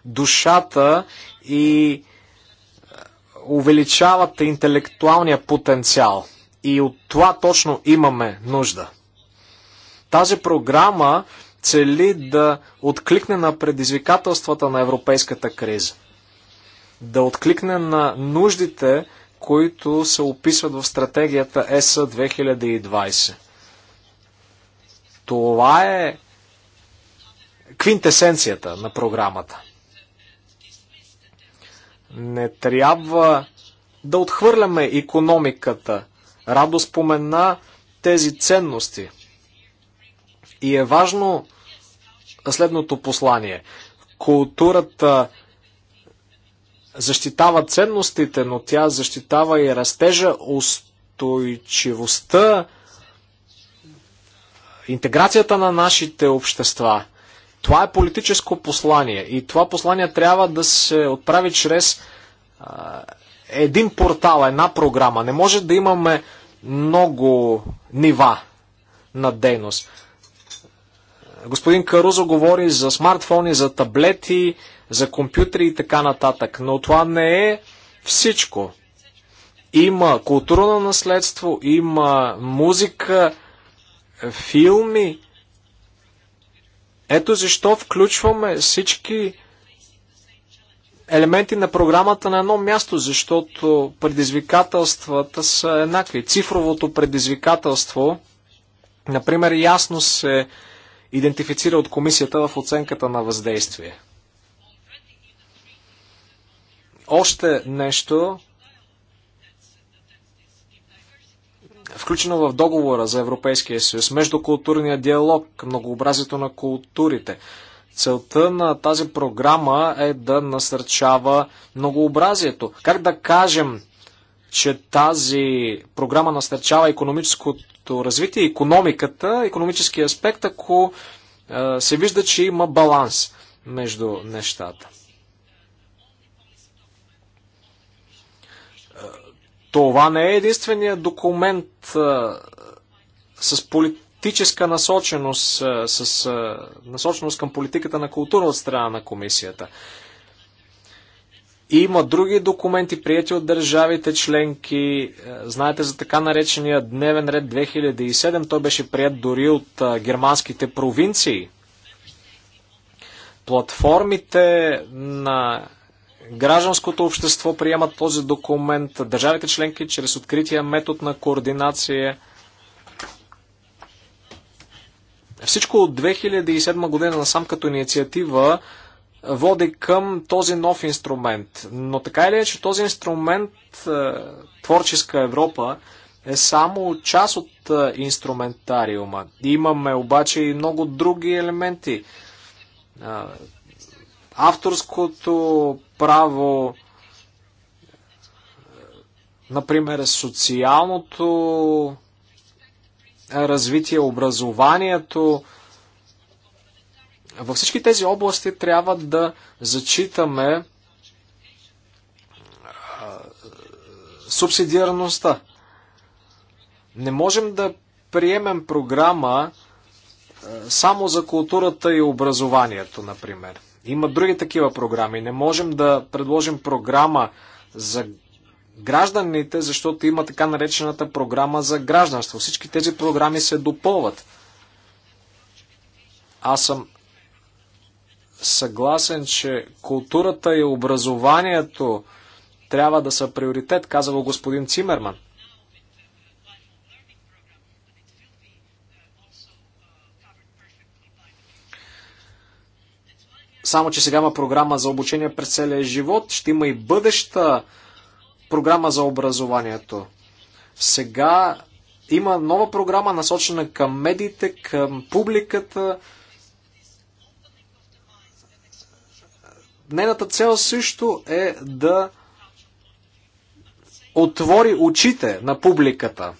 душата и увеличават интелектуалния потенциал. И от това точно имаме нужда. Тази програма цели да откликне на предизвикателствата на европейската криза. Да откликне на нуждите, които се описват в стратегията ЕС 2020. Това е квинтесенцията на програмата. Не трябва да отхвърляме економиката. Радо спомена тези ценности. И е важно следното послание. Културата защитава ценностите, но тя защитава и растежа, устойчивостта, интеграцията на нашите общества. Това е политическо послание и това послание трябва да се отправи чрез а, един портал, една програма. Не може да имаме много нива на дейност. Господин Карузо говори за смартфони, за таблети, за компютри и така нататък, но това не е всичко. Има културно наследство, има музика, филми. Ето защо включваме всички елементи на програмата на едно място, защото предизвикателствата са еднакви. Цифровото предизвикателство, например, ясно се идентифицира от комисията в оценката на въздействие. Още нещо, включено в договора за Европейския съюз, междукултурния диалог, многообразието на културите. Целта на тази програма е да насърчава многообразието. Как да кажем, че тази програма насърчава економическото развитие, економиката, економически аспект, ако е, се вижда, че има баланс между нещата. Това не е единствения документ а, с политическа насоченост, а, с а, насоченост към политиката на култура от страна на комисията. Има други документи, прияти от държавите членки. Знаете за така наречения дневен ред 2007. Той беше прият дори от германските провинции. Платформите на гражданското общество приемат този документ, държавите членки чрез открития метод на координация. Всичко от 2007 година насам като инициатива води към този нов инструмент. Но така или е, че този инструмент е, Творческа Европа е само част от е, инструментариума. Имаме обаче и много други елементи е, авторското право, например, социалното развитие, образованието. Във всички тези области трябва да зачитаме субсидиарността. Не можем да приемем програма само за културата и образованието, например. Има други такива програми. Не можем да предложим програма за гражданите, защото има така наречената програма за гражданство. Всички тези програми се допълват. Аз съм съгласен, че културата и образованието трябва да са приоритет, казва господин Цимерман. Само, че сега има програма за обучение през целия живот, ще има и бъдеща програма за образованието. Сега има нова програма, насочена към медиите, към публиката. Нейната цел също е да отвори очите на публиката,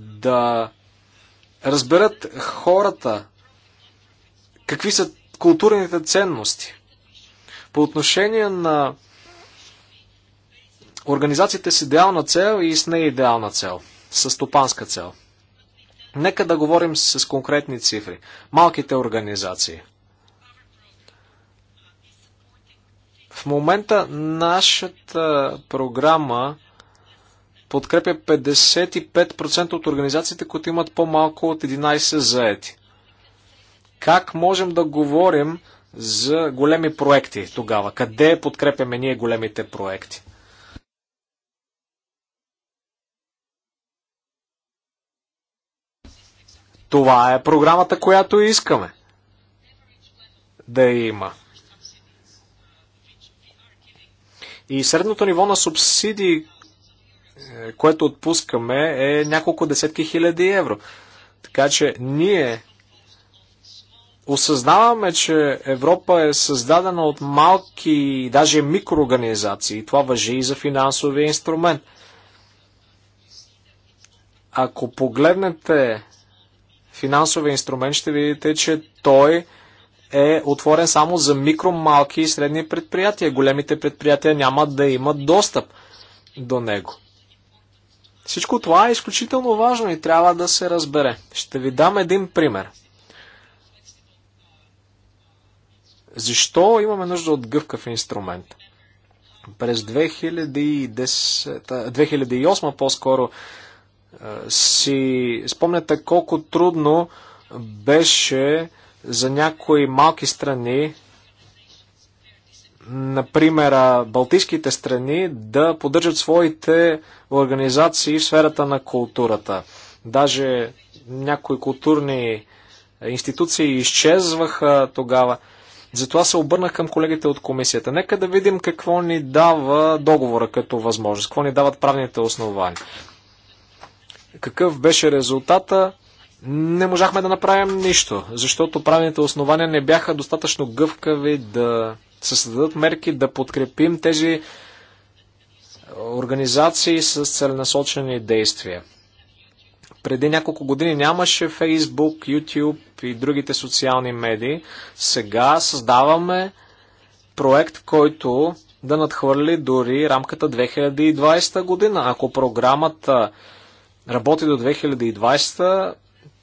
да разберат хората какви са културните ценности. По отношение на организациите с идеална цел и с неидеална цел, с стопанска цел. Нека да говорим с конкретни цифри. Малките организации. В момента нашата програма подкрепя 55% от организациите, които имат по-малко от 11 заети. Как можем да говорим за големи проекти тогава? Къде подкрепяме ние големите проекти? Това е програмата, която искаме да има. И средното ниво на субсидии, е, което отпускаме, е няколко десетки хиляди евро. Така че ние осъзнаваме, че Европа е създадена от малки, даже микроорганизации. Това въжи и за финансовия инструмент. Ако погледнете финансовия инструмент, ще видите, че той е отворен само за микро, малки и средни предприятия. Големите предприятия няма да имат достъп до него. Всичко това е изключително важно и трябва да се разбере. Ще ви дам един пример – Защо имаме нужда от гъвкав инструмент? През 2010, 2008 по-скоро е, си спомняте колко трудно беше за някои малки страни, например Балтийските страни, да поддържат своите организации в сферата на културата. Даже някои културни институции изчезваха тогава. Затова се обърнах към колегите от комисията. Нека да видим какво ни дава договора като възможност, какво ни дават правните основания. Какъв беше резултата? Не можахме да направим нищо, защото правните основания не бяха достатъчно гъвкави да създадат мерки да подкрепим тези организации с целенасочени действия. Преди няколко години нямаше Facebook, YouTube и другите социални медии. Сега създаваме проект, който да надхвърли дори рамката 2020 година. Ако програмата работи до 2020,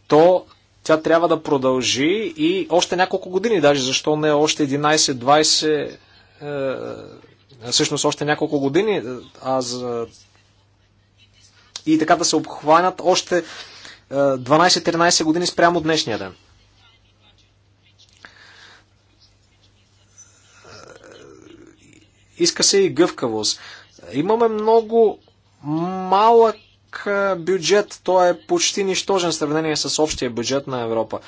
то тя трябва да продължи и още няколко години, даже защо не още 11-20, е, всъщност още няколко години, а за и така да се обхванат още 12-13 е, години спрямо днешния ден. Иска се и гъвкавост. Имаме много малък е, бюджет. Той е почти нищожен в сравнение с общия бюджет на Европа.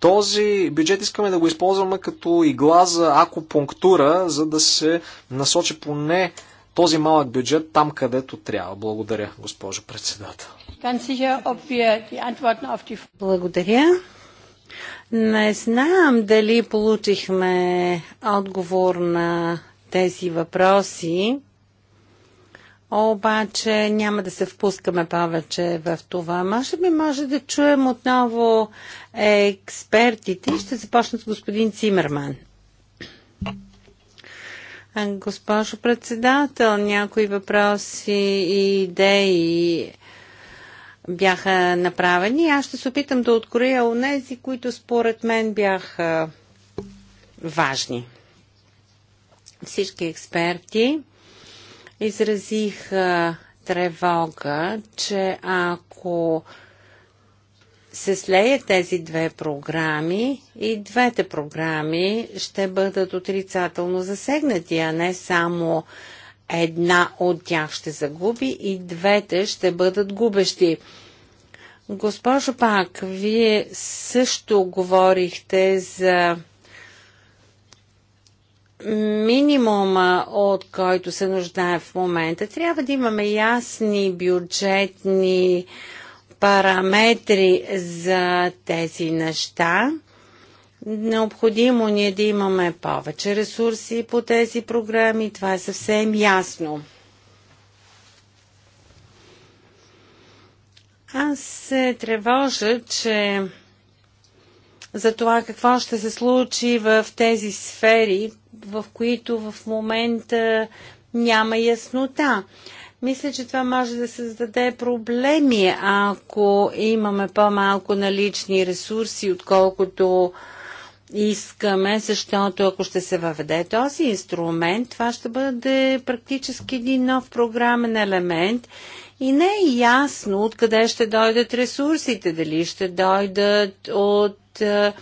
Този бюджет искаме да го използваме като игла за акупунктура, за да се насочи поне този малък бюджет там, където трябва. Благодаря, госпожо председател. Благодаря. Не знам дали получихме отговор на тези въпроси, обаче няма да се впускаме повече в това. Може би може да чуем отново експертите и ще започна с господин Цимерман. Госпожо председател, някои въпроси и идеи бяха направени. Аз ще се опитам да откроя онези, които според мен бяха важни. Всички експерти изразиха тревога, че ако се слеят тези две програми и двете програми ще бъдат отрицателно засегнати, а не само една от тях ще загуби и двете ще бъдат губещи. Госпожо Пак, вие също говорихте за минимума, от който се нуждае в момента. Трябва да имаме ясни бюджетни а, параметри за тези неща. Необходимо ни е да имаме повече ресурси по тези програми. Това е съвсем ясно. Аз се тревожа, че за това какво ще се случи в тези сфери, в които в момента няма яснота. Мисля, че това може да създаде проблеми, ако имаме по-малко налични ресурси, отколкото искаме, защото ако ще се въведе този инструмент, това ще бъде практически един нов програмен елемент и не е ясно откъде ще дойдат ресурсите, дали ще дойдат от е,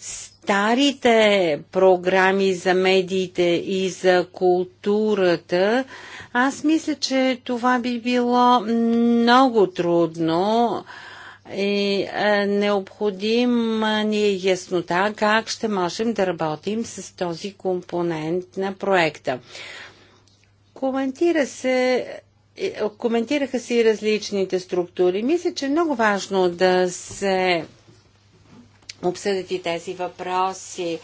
старите програми за медиите и за културата, аз мисля, че това би било много трудно и е, необходим ни е яснота как ще можем да работим с този компонент на проекта. Коментира се е, коментираха се и различните структури. Мисля, че е много важно да се обсъдят и тези въпроси.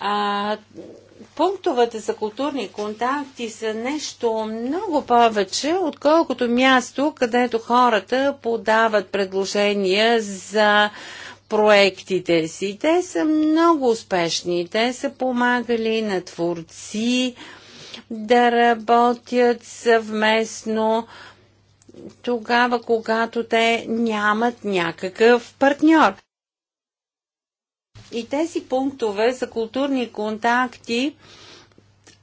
А, Пунктовете за културни контакти са нещо много повече, отколкото място, където хората подават предложения за проектите си. Те са много успешни. Те са помагали на творци да работят съвместно тогава, когато те нямат някакъв партньор. И тези пунктове за културни контакти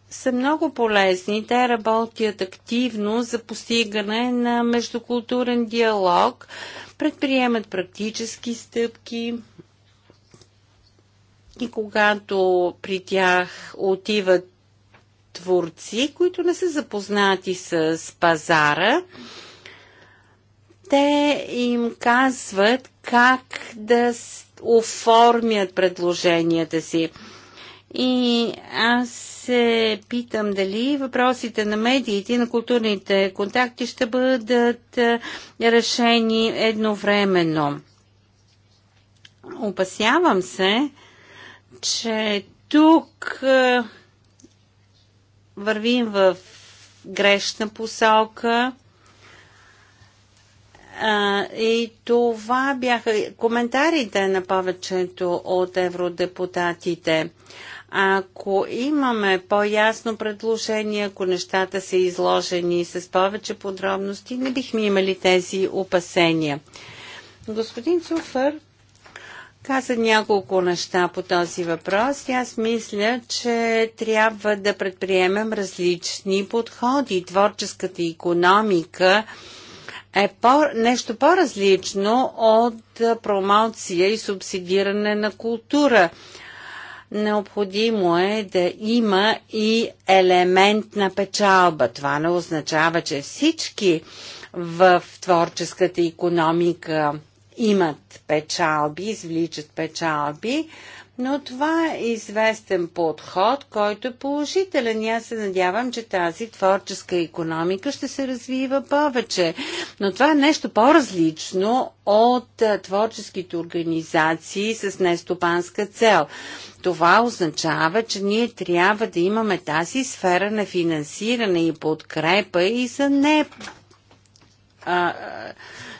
са много полезни. Те работят активно за постигане на междукултурен диалог, предприемат практически стъпки и когато при тях отиват творци, които не са запознати с пазара, те им казват как да оформят предложенията си. И аз се питам дали въпросите на медиите и на културните контакти ще бъдат е, решени едновременно. Опасявам се, че тук е, вървим в грешна посока и това бяха коментарите на повечето от евродепутатите. Ако имаме по-ясно предложение, ако нещата са изложени с повече подробности, не бихме имали тези опасения. Господин Цуфър каза няколко неща по този въпрос и аз мисля, че трябва да предприемем различни подходи. Творческата економика – е по, нещо по-различно от промоция и субсидиране на култура. Необходимо е да има и елемент на печалба. Това не означава, че всички в творческата економика имат печалби, извличат печалби, но това е известен подход, който е положителен. аз се надявам, че тази творческа економика ще се развива повече. Но това е нещо по-различно от творческите организации с нестопанска цел. Това означава, че ние трябва да имаме тази сфера на финансиране и подкрепа и за не а,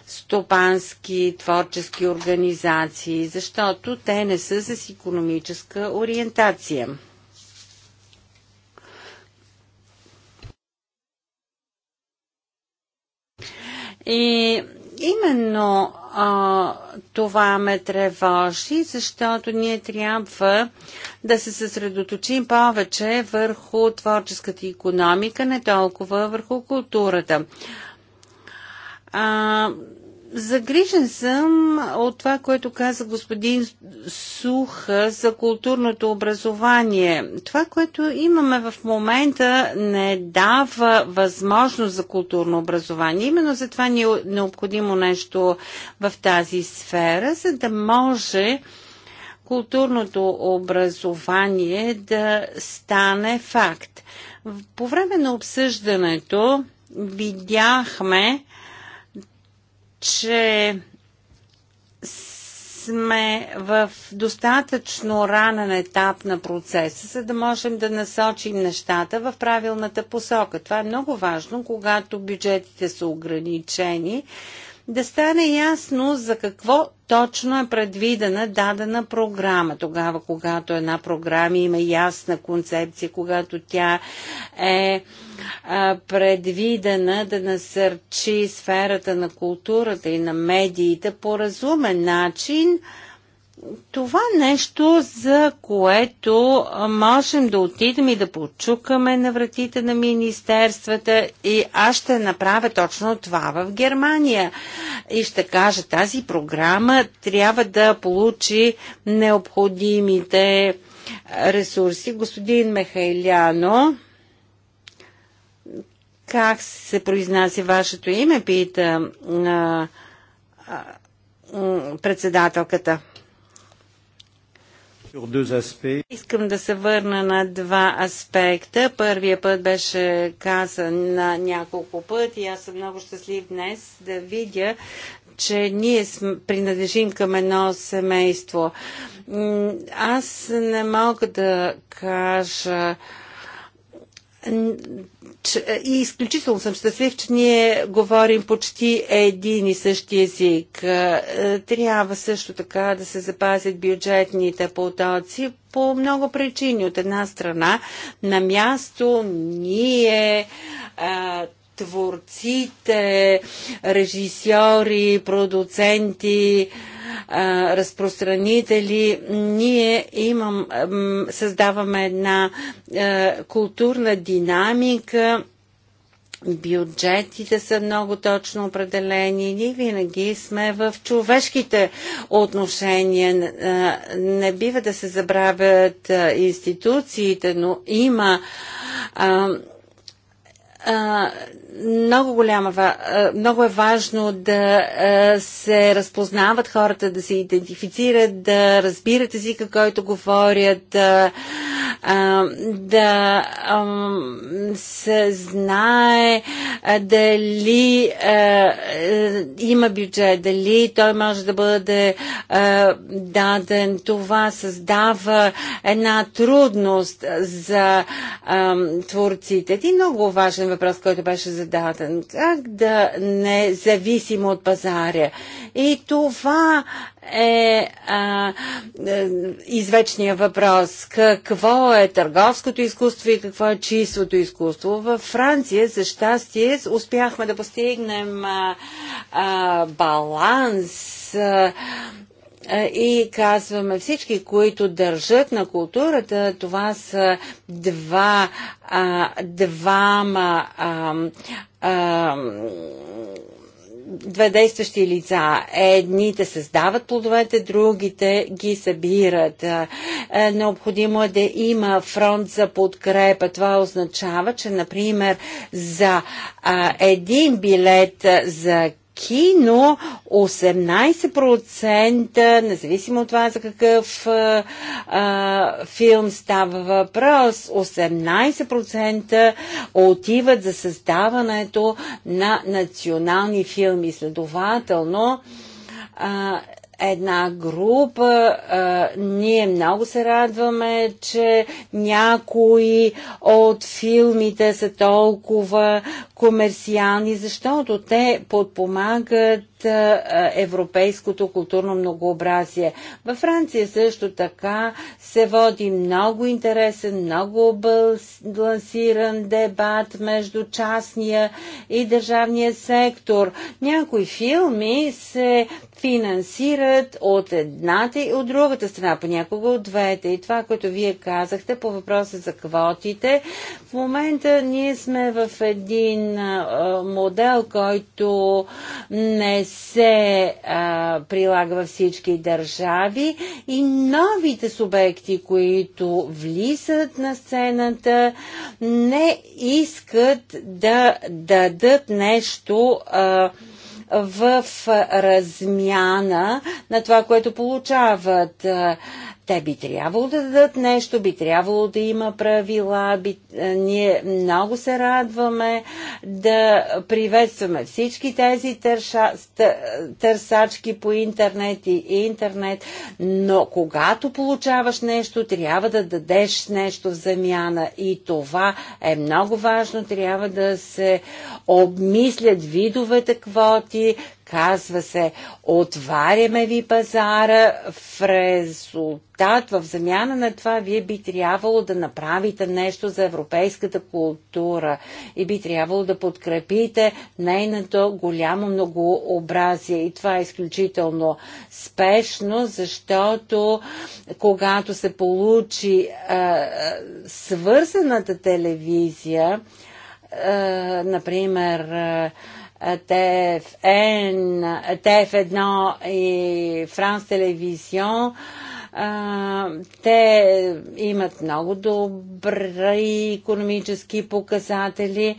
стопански, творчески организации, защото те не са с економическа ориентация. И именно а, това ме тревожи, защото ние трябва да се съсредоточим повече върху творческата економика, не толкова върху културата. А, Загрижен съм от това, което каза господин Суха за културното образование. Това, което имаме в момента, не дава възможност за културно образование. Именно за това ни е необходимо нещо в тази сфера, за да може културното образование да стане факт. По време на обсъждането видяхме, че сме в достатъчно ранен етап на процеса, за да можем да насочим нещата в правилната посока. Това е много важно, когато бюджетите са ограничени, да стане ясно за какво точно е предвидена дадена програма. Тогава, когато една програма има ясна концепция, когато тя е предвидена да насърчи сферата на културата и на медиите по разумен начин, това нещо, за което можем да отидем и да почукаме на вратите на министерствата и аз ще направя точно това в Германия. И ще кажа, тази програма трябва да получи необходимите ресурси. Господин Михайляно, как се произнася вашето име, пита председателката. Искам да се върна на два аспекта. Първия път беше казан на няколко пъти. Аз съм много щастлив днес да видя, че ние принадлежим към едно семейство. Аз не мога да кажа е, и изключително съм щастлив, че ние говорим почти един и същи език. Е, е, трябва също така да се запазят бюджетните потоци по много причини. От една страна, на място ние а, творците, режисьори, продуценти, разпространители, ние имам, създаваме една културна динамика, бюджетите са много точно определени, ние винаги сме в човешките отношения. Не бива да се забравят институциите, но има а, а, много голяма, много е важно да се разпознават хората, да се идентифицират, да разбират езика, който говорят, да, да се знае дали е, има бюджет, дали той може да бъде даден. Това създава една трудност за творците. Един много важен въпрос, който беше зададен създаден? Как да не зависим от пазаря? И това е а, е, извечния въпрос. Какво е търговското изкуство и какво е чистото изкуство? Във Франция, за щастие, успяхме да постигнем а, а, баланс. А, и казваме всички, които държат на културата, това са два, а, двама а, а, две действащи лица. Едните създават плодовете, другите ги събират. Необходимо е да има фронт за подкрепа. Това означава, че, например, за един билет за кино 18%, независимо от това за какъв а, а, филм става въпрос, 18% отиват за създаването на национални филми. Следователно, а, една група. ние много се радваме, че някои от филмите са толкова комерциални, защото те подпомагат европейското културно многообразие. Във Франция също така се води много интересен, много балансиран дебат между частния и държавния сектор. Някои филми се финансират от едната и от другата страна, понякога от двете. И това, което вие казахте по въпроса за квотите, в момента ние сме в един модел, който не се прилага във всички държави и новите субекти, които влизат на сцената, не искат да дадат нещо а, в размяна на това, което получават. Те би трябвало да дадат нещо, би трябвало да има правила. Би... Е, ние много се радваме да приветстваме всички тези търша... търсачки по интернет и интернет, но когато получаваш нещо, трябва да дадеш нещо в замяна и това е много важно. Трябва да се обмислят видовете квоти, Казва се, отваряме ви пазара, в резултат, в замяна на това, вие би трябвало да направите нещо за европейската култура и би трябвало да подкрепите нейното голямо многообразие. И това е изключително спешно, защото когато се получи а, свързаната телевизия, а, например, а, ТФН, ТФ1 и Франс Телевизион те имат много добри економически показатели.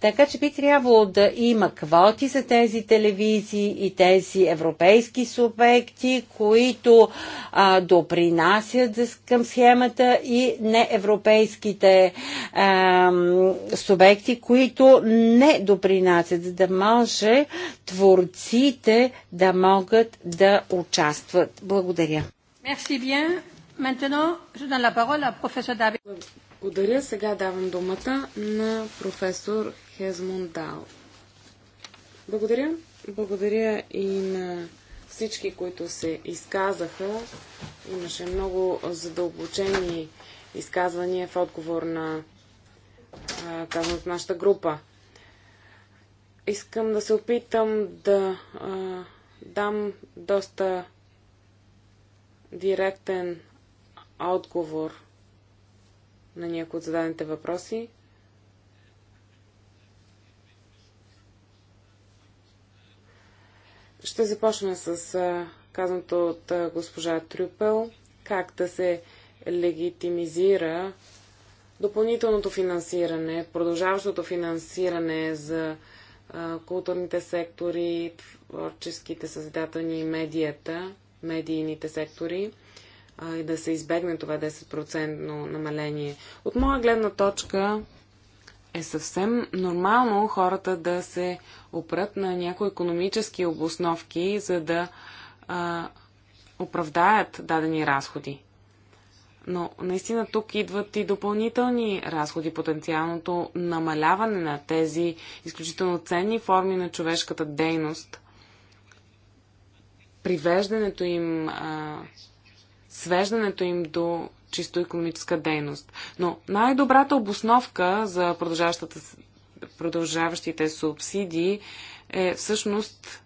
Така че би трябвало да има квоти за тези телевизии и тези европейски субекти, които а, допринасят към схемата и неевропейските а, субекти, които не допринасят, за да може творците да могат да участват. Благодаря. Merci bien. Maintenant, je donne la parole à professeur David. Благодаря. Сега давам думата на професор Хезмундал. Благодаря. Благодаря и на всички, които се изказаха. Имаше много задълбочени изказвания в отговор на казаното нашата група. Искам да се опитам да а, дам доста директен отговор на някои от зададените въпроси. Ще започна с казаното от госпожа Трюпел, как да се легитимизира допълнителното финансиране, продължаващото финансиране за културните сектори, творческите създателни и медията, медийните сектори и да се избегне това 10% намаление. От моя гледна точка е съвсем нормално хората да се опрат на някои економически обосновки, за да а, оправдаят дадени разходи. Но наистина тук идват и допълнителни разходи, потенциалното намаляване на тези изключително ценни форми на човешката дейност, привеждането им а, свеждането им до чисто економическа дейност. Но най-добрата обосновка за продължаващите субсидии е всъщност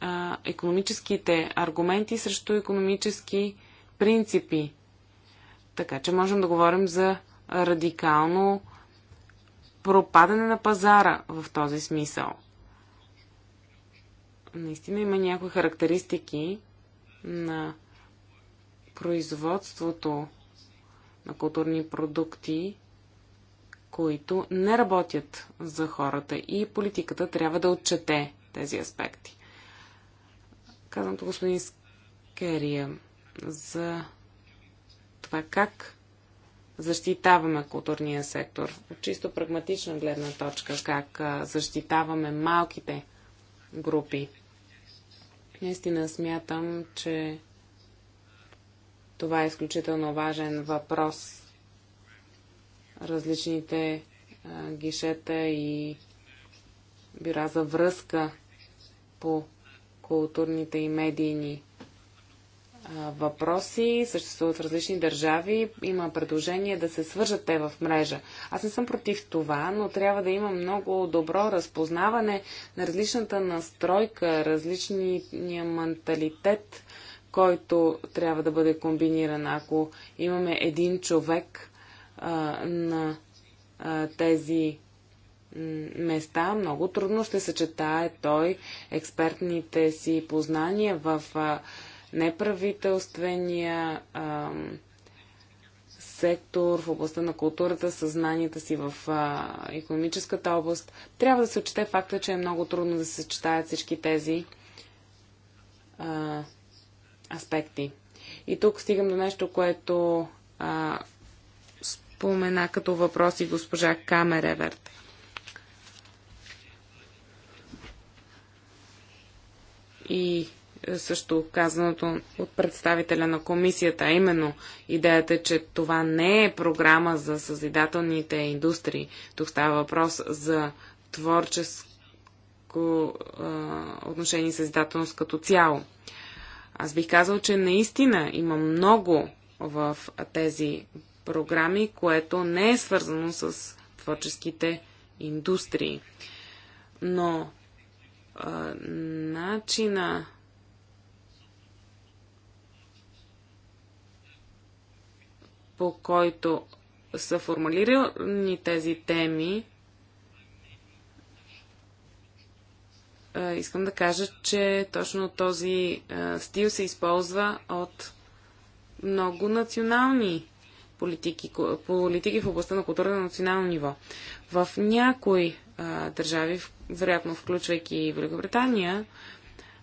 а, економическите аргументи срещу економически принципи. Така че можем да говорим за радикално пропадане на пазара в този смисъл. Наистина има някои характеристики на производството на културни продукти, които не работят за хората и политиката трябва да отчете тези аспекти. Казвам господин Скерия за това как защитаваме културния сектор. От чисто прагматична гледна точка, как защитаваме малките групи. Наистина смятам, че това е изключително важен въпрос. Различните а, гишета и бюра за връзка по културните и медийни а, въпроси съществуват в различни държави. Има предложение да се свържат те в мрежа. Аз не съм против това, но трябва да има много добро разпознаване на различната настройка, различния менталитет, който трябва да бъде комбиниран. Ако имаме един човек а, на а, тези места, много трудно ще съчетае той експертните си познания в а, неправителствения а, сектор, в областта на културата, съзнанията си в а, економическата област. Трябва да се отчете факта, че е много трудно да се съчетаят всички тези а, аспекти. И тук стигам до нещо, което а, спомена като въпроси госпожа Камереверт. И също казаното от представителя на комисията, именно идеята, че това не е програма за съзидателните индустрии. Тук става въпрос за творческо а, отношение и съзидателност като цяло. Аз бих казал, че наистина има много в тези програми, което не е свързано с творческите индустрии. Но а, начина по който са формулирани тези теми, искам да кажа, че точно този стил се използва от много национални политики, политики в областта на култура на национално ниво. В някои държави, вероятно включвайки Великобритания,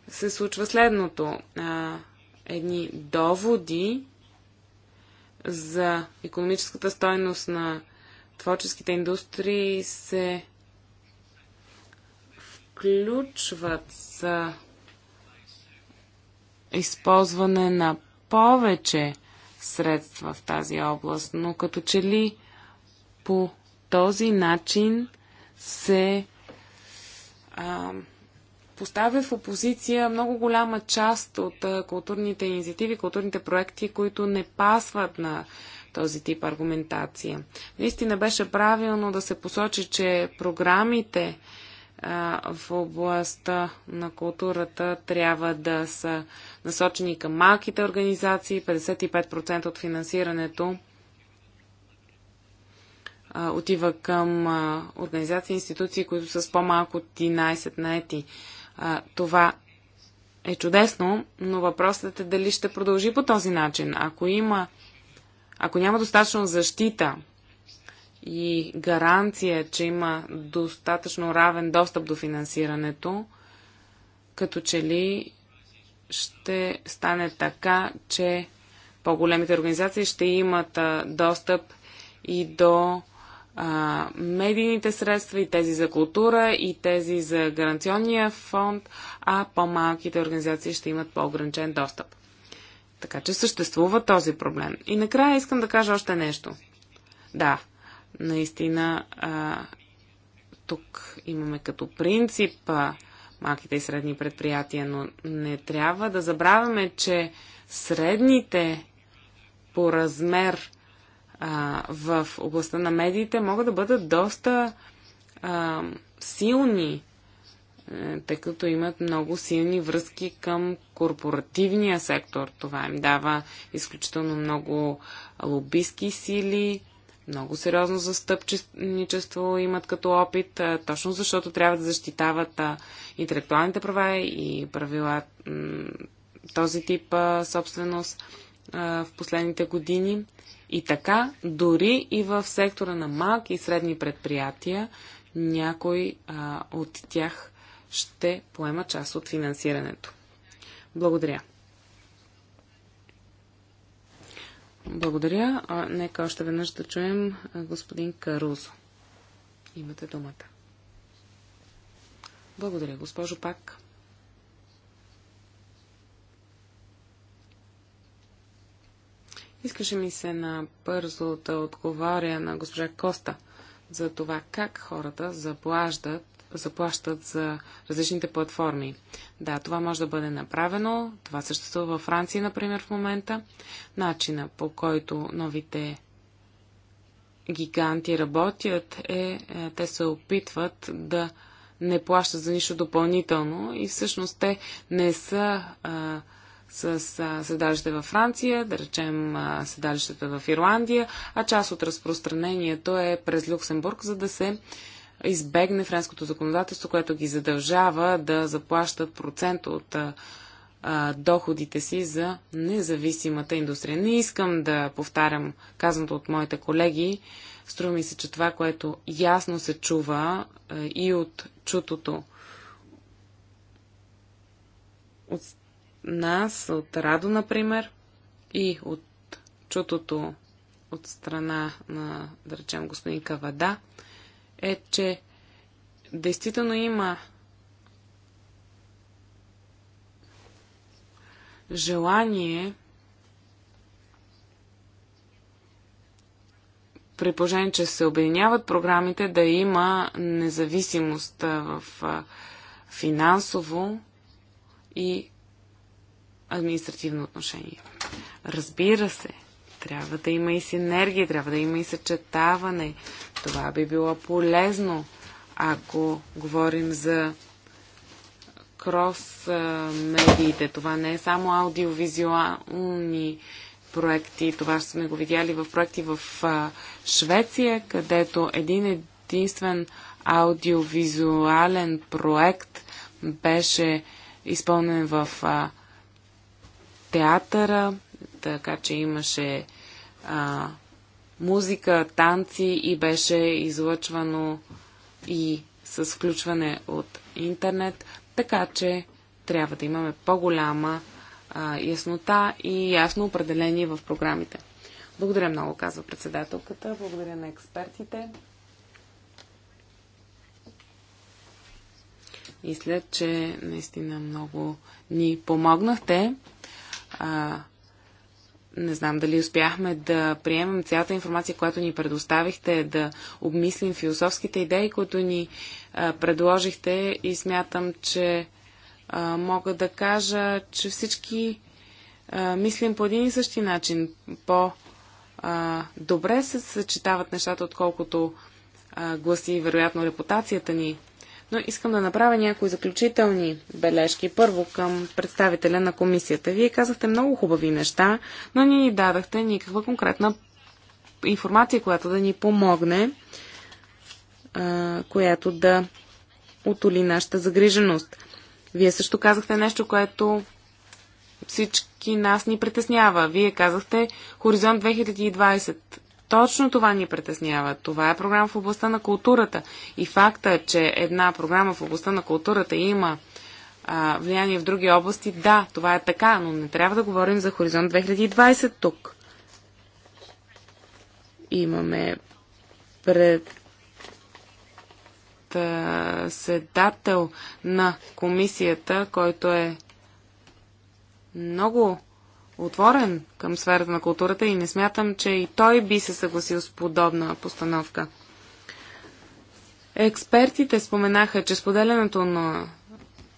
се случва следното. едни доводи за економическата стойност на творческите индустрии се включват за използване на повече средства в тази област, но като че ли по този начин се а, поставя в опозиция много голяма част от а, културните инициативи, културните проекти, които не пасват на този тип аргументация. Наистина беше правилно да се посочи, че програмите в областта на културата трябва да са насочени към малките организации. 55% от финансирането отива към организации и институции, които са с по-малко от 11 наети. Това е чудесно, но въпросът е дали ще продължи по този начин. Ако има, ако няма достатъчно защита и гаранция, че има достатъчно равен достъп до финансирането, като че ли ще стане така, че по-големите организации ще имат достъп и до а, медийните средства, и тези за култура, и тези за гаранционния фонд, а по-малките организации ще имат по-ограничен достъп. Така че съществува този проблем. И накрая искам да кажа още нещо. Да, Наистина, а, тук имаме като принцип а, малките и средни предприятия, но не трябва да забравяме, че средните по размер а, в областта на медиите могат да бъдат доста а, силни, е, тъй като имат много силни връзки към корпоративния сектор. Това им дава изключително много лобистки сили, много сериозно застъпничество имат като опит, точно защото трябва да защитават интелектуалните права и правила този тип собственост в последните години. И така, дори и в сектора на малки и средни предприятия, някой от тях ще поема част от финансирането. Благодаря. Благодаря. А, нека още веднъж да чуем господин Карузо. Имате думата. Благодаря, госпожо Пак. Искаше ми се набързо да отговаря на госпожа Коста за това как хората заплаждат заплащат за различните платформи. Да, това може да бъде направено. Това съществува във Франция, например, в момента. Начина по който новите гиганти работят е, е те се опитват да не плащат за нищо допълнително и всъщност те не са а, с седалище във Франция, да речем а, седалищата в Ирландия, а част от разпространението е през Люксембург, за да се избегне френското законодателство, което ги задължава да заплащат процент от доходите си за независимата индустрия. Не искам да повтарям казаното от моите колеги. Струва ми се, че това, което ясно се чува и от чутото от нас, от Радо, например, и от чутото от страна на, да речем, господин Кавада, е, че действително има желание при положение, че се обединяват програмите, да има независимост в финансово и административно отношение. Разбира се, трябва да има и синергия, трябва да има и съчетаване. Това би било полезно, ако говорим за крос медиите. Това не е само аудиовизуални проекти. Това ще сме го видяли в проекти в Швеция, където един единствен аудиовизуален проект беше изпълнен в театъра така че имаше а, музика, танци и беше излъчвано и с включване от интернет, така че трябва да имаме по-голяма яснота и ясно определение в програмите. Благодаря много, казва председателката. Благодаря на експертите. И след, че наистина много ни помогнахте. А, не знам дали успяхме да приемем цялата информация, която ни предоставихте, да обмислим философските идеи, които ни а, предложихте и смятам, че а, мога да кажа, че всички а, мислим по един и същи начин. По-добре се съчетават нещата, отколкото гласи вероятно репутацията ни но искам да направя някои заключителни бележки. Първо към представителя на комисията. Вие казахте много хубави неща, но не ни дадахте никаква конкретна информация, която да ни помогне, която да отоли нашата загриженост. Вие също казахте нещо, което всички нас ни притеснява. Вие казахте Хоризонт 2020. Точно това ни притеснява. Това е програма в областта на културата. И факта, че една програма в областта на културата има а, влияние в други области, да, това е така, но не трябва да говорим за Хоризонт 2020 тук. Имаме пред председател на комисията, който е много отворен към сферата на културата и не смятам, че и той би се съгласил с подобна постановка. Експертите споменаха, че споделянето на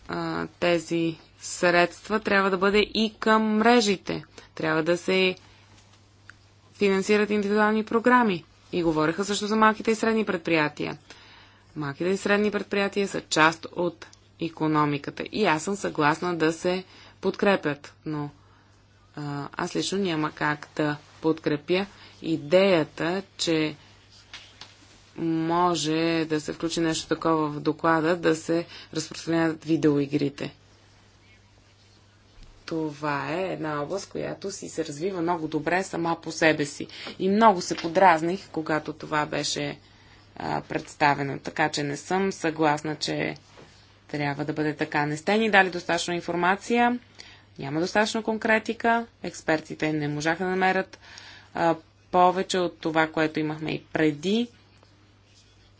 а, тези средства трябва да бъде и към мрежите. Трябва да се финансират индивидуални програми. И говореха също за малките и средни предприятия. Малките и средни предприятия са част от економиката. И аз съм съгласна да се подкрепят. Но аз лично няма как да подкрепя идеята, че може да се включи нещо такова в доклада, да се разпространяват видеоигрите. Това е една област, която си се развива много добре сама по себе си. И много се подразних, когато това беше а, представено. Така че не съм съгласна, че трябва да бъде така. Не сте ни дали достатъчно информация. Няма достатъчно конкретика. Експертите не можаха да намерят а, повече от това, което имахме и преди.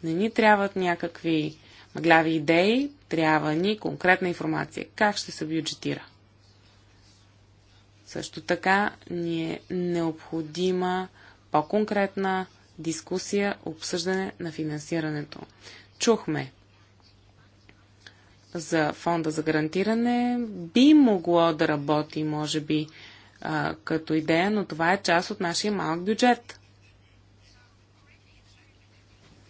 Не ни трябват някакви мъгляви идеи, трябва ни конкретна информация. Как ще се бюджетира? Също така ни е необходима по-конкретна дискусия, обсъждане на финансирането. Чухме за фонда за гарантиране би могло да работи, може би, а, като идея, но това е част от нашия малък бюджет.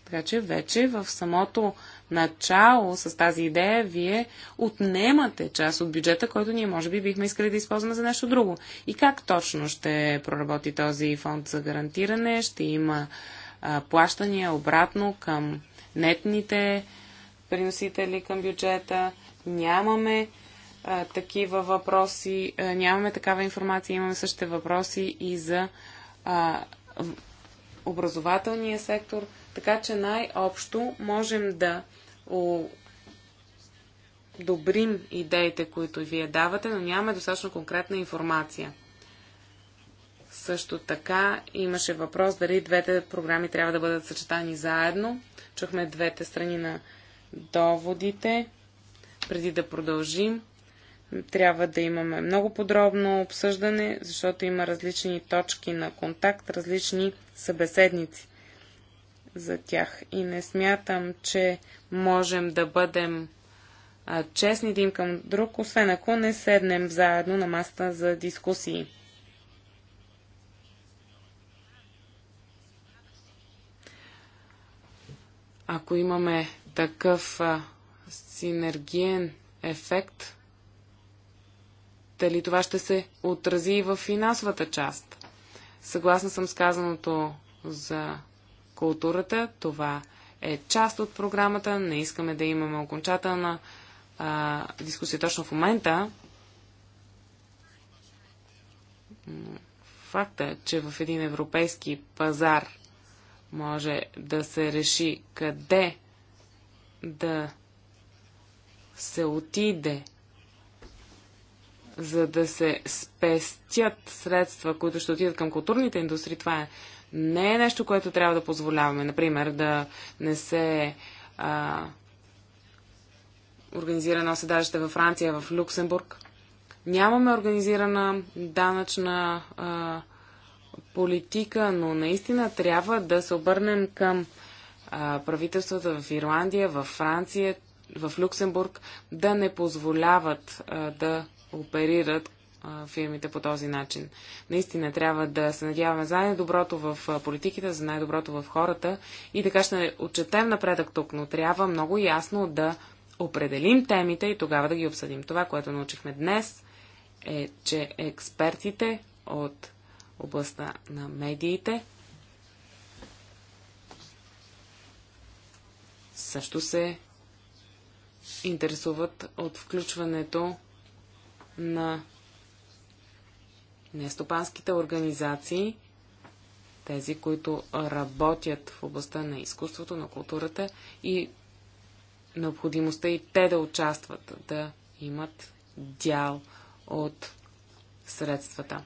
Така че вече в самото начало с тази идея вие отнемате част от бюджета, който ние може би бихме искали да използваме за нещо друго. И как точно ще проработи този фонд за гарантиране? Ще има а, плащания обратно към нетните приносители към бюджета, нямаме а, такива въпроси, а, нямаме такава информация, имаме същите въпроси и за а, образователния сектор, така че най-общо можем да добрим идеите, които вие давате, но нямаме достатъчно конкретна информация. Също така имаше въпрос дали двете програми трябва да бъдат съчетани заедно. Чухме двете страни на доводите. Преди да продължим, трябва да имаме много подробно обсъждане, защото има различни точки на контакт, различни събеседници за тях. И не смятам, че можем да бъдем а, честни един към друг, освен ако не седнем заедно на маста за дискусии. Ако имаме такъв а, синергиен ефект, дали това ще се отрази и в финансовата част. Съгласна съм с казаното за културата. Това е част от програмата. Не искаме да имаме окончателна а, дискусия точно в момента. Факта, е, че в един европейски пазар може да се реши къде да се отиде, за да се спестят средства, които ще отидат към културните индустрии, това е, не е нещо, което трябва да позволяваме. Например, да не се а, организира едно седалище във Франция, в Люксембург. Нямаме организирана данъчна а, политика, но наистина трябва да се обърнем към правителствата в Ирландия, в Франция, в Люксембург да не позволяват да оперират фирмите по този начин. Наистина трябва да се надяваме за най-доброто в политиките, за най-доброто в хората и така ще отчетем напредък тук, но трябва много ясно да определим темите и тогава да ги обсъдим. Това, което научихме днес е, че експертите от областта на медиите също се интересуват от включването на нестопанските организации, тези, които работят в областта на изкуството, на културата и необходимостта и те да участват, да имат дял от средствата.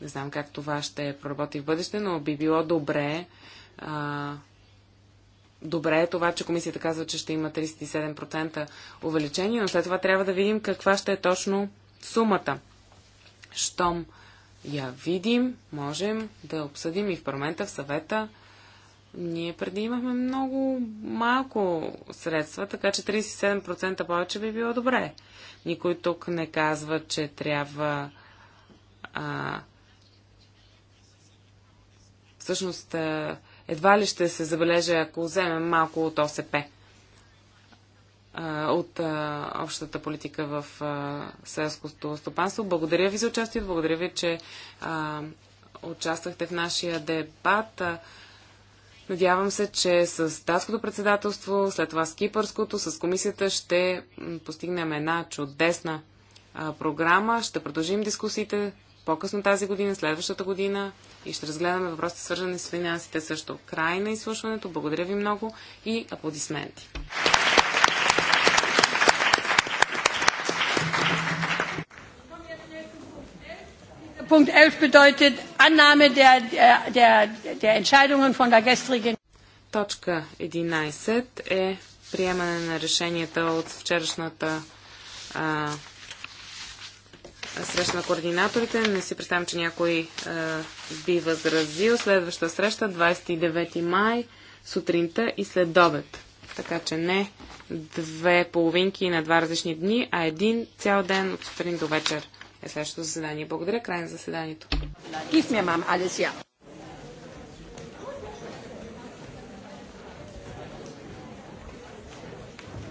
Не знам как това ще проработи в бъдеще, но би било добре а, добре е това, че комисията казва, че ще има 37% увеличение, но след това трябва да видим каква ще е точно сумата. Щом я видим, можем да обсъдим и в парламента, в съвета. Ние преди имахме много малко средства, така че 37% повече би било добре. Никой тук не казва, че трябва. А, всъщност, а, едва ли ще се забележа, ако вземем малко от ОСП, от общата политика в селското стопанство. Благодаря ви за участието, благодаря ви, че участвахте в нашия дебат. Надявам се, че с датското председателство, след това с кипърското, с комисията ще постигнем една чудесна програма. Ще продължим дискусиите по-късно тази година, следващата година и ще разгледаме въпросите свързани с финансите също. Край на изслушването. Благодаря ви много и аплодисменти. Punkt 11 bedeutet Annahme der, der, der Entscheidungen von der gestrigen. Точка 11 е приемане на решенията от вчерашната а, среща на координаторите. Не си представям, че някой е, би възразил. Следваща среща 29 май сутринта и след обед. Така че не две половинки на два различни дни, а един цял ден от сутрин до вечер е следващото заседание. Благодаря. Край на заседанието.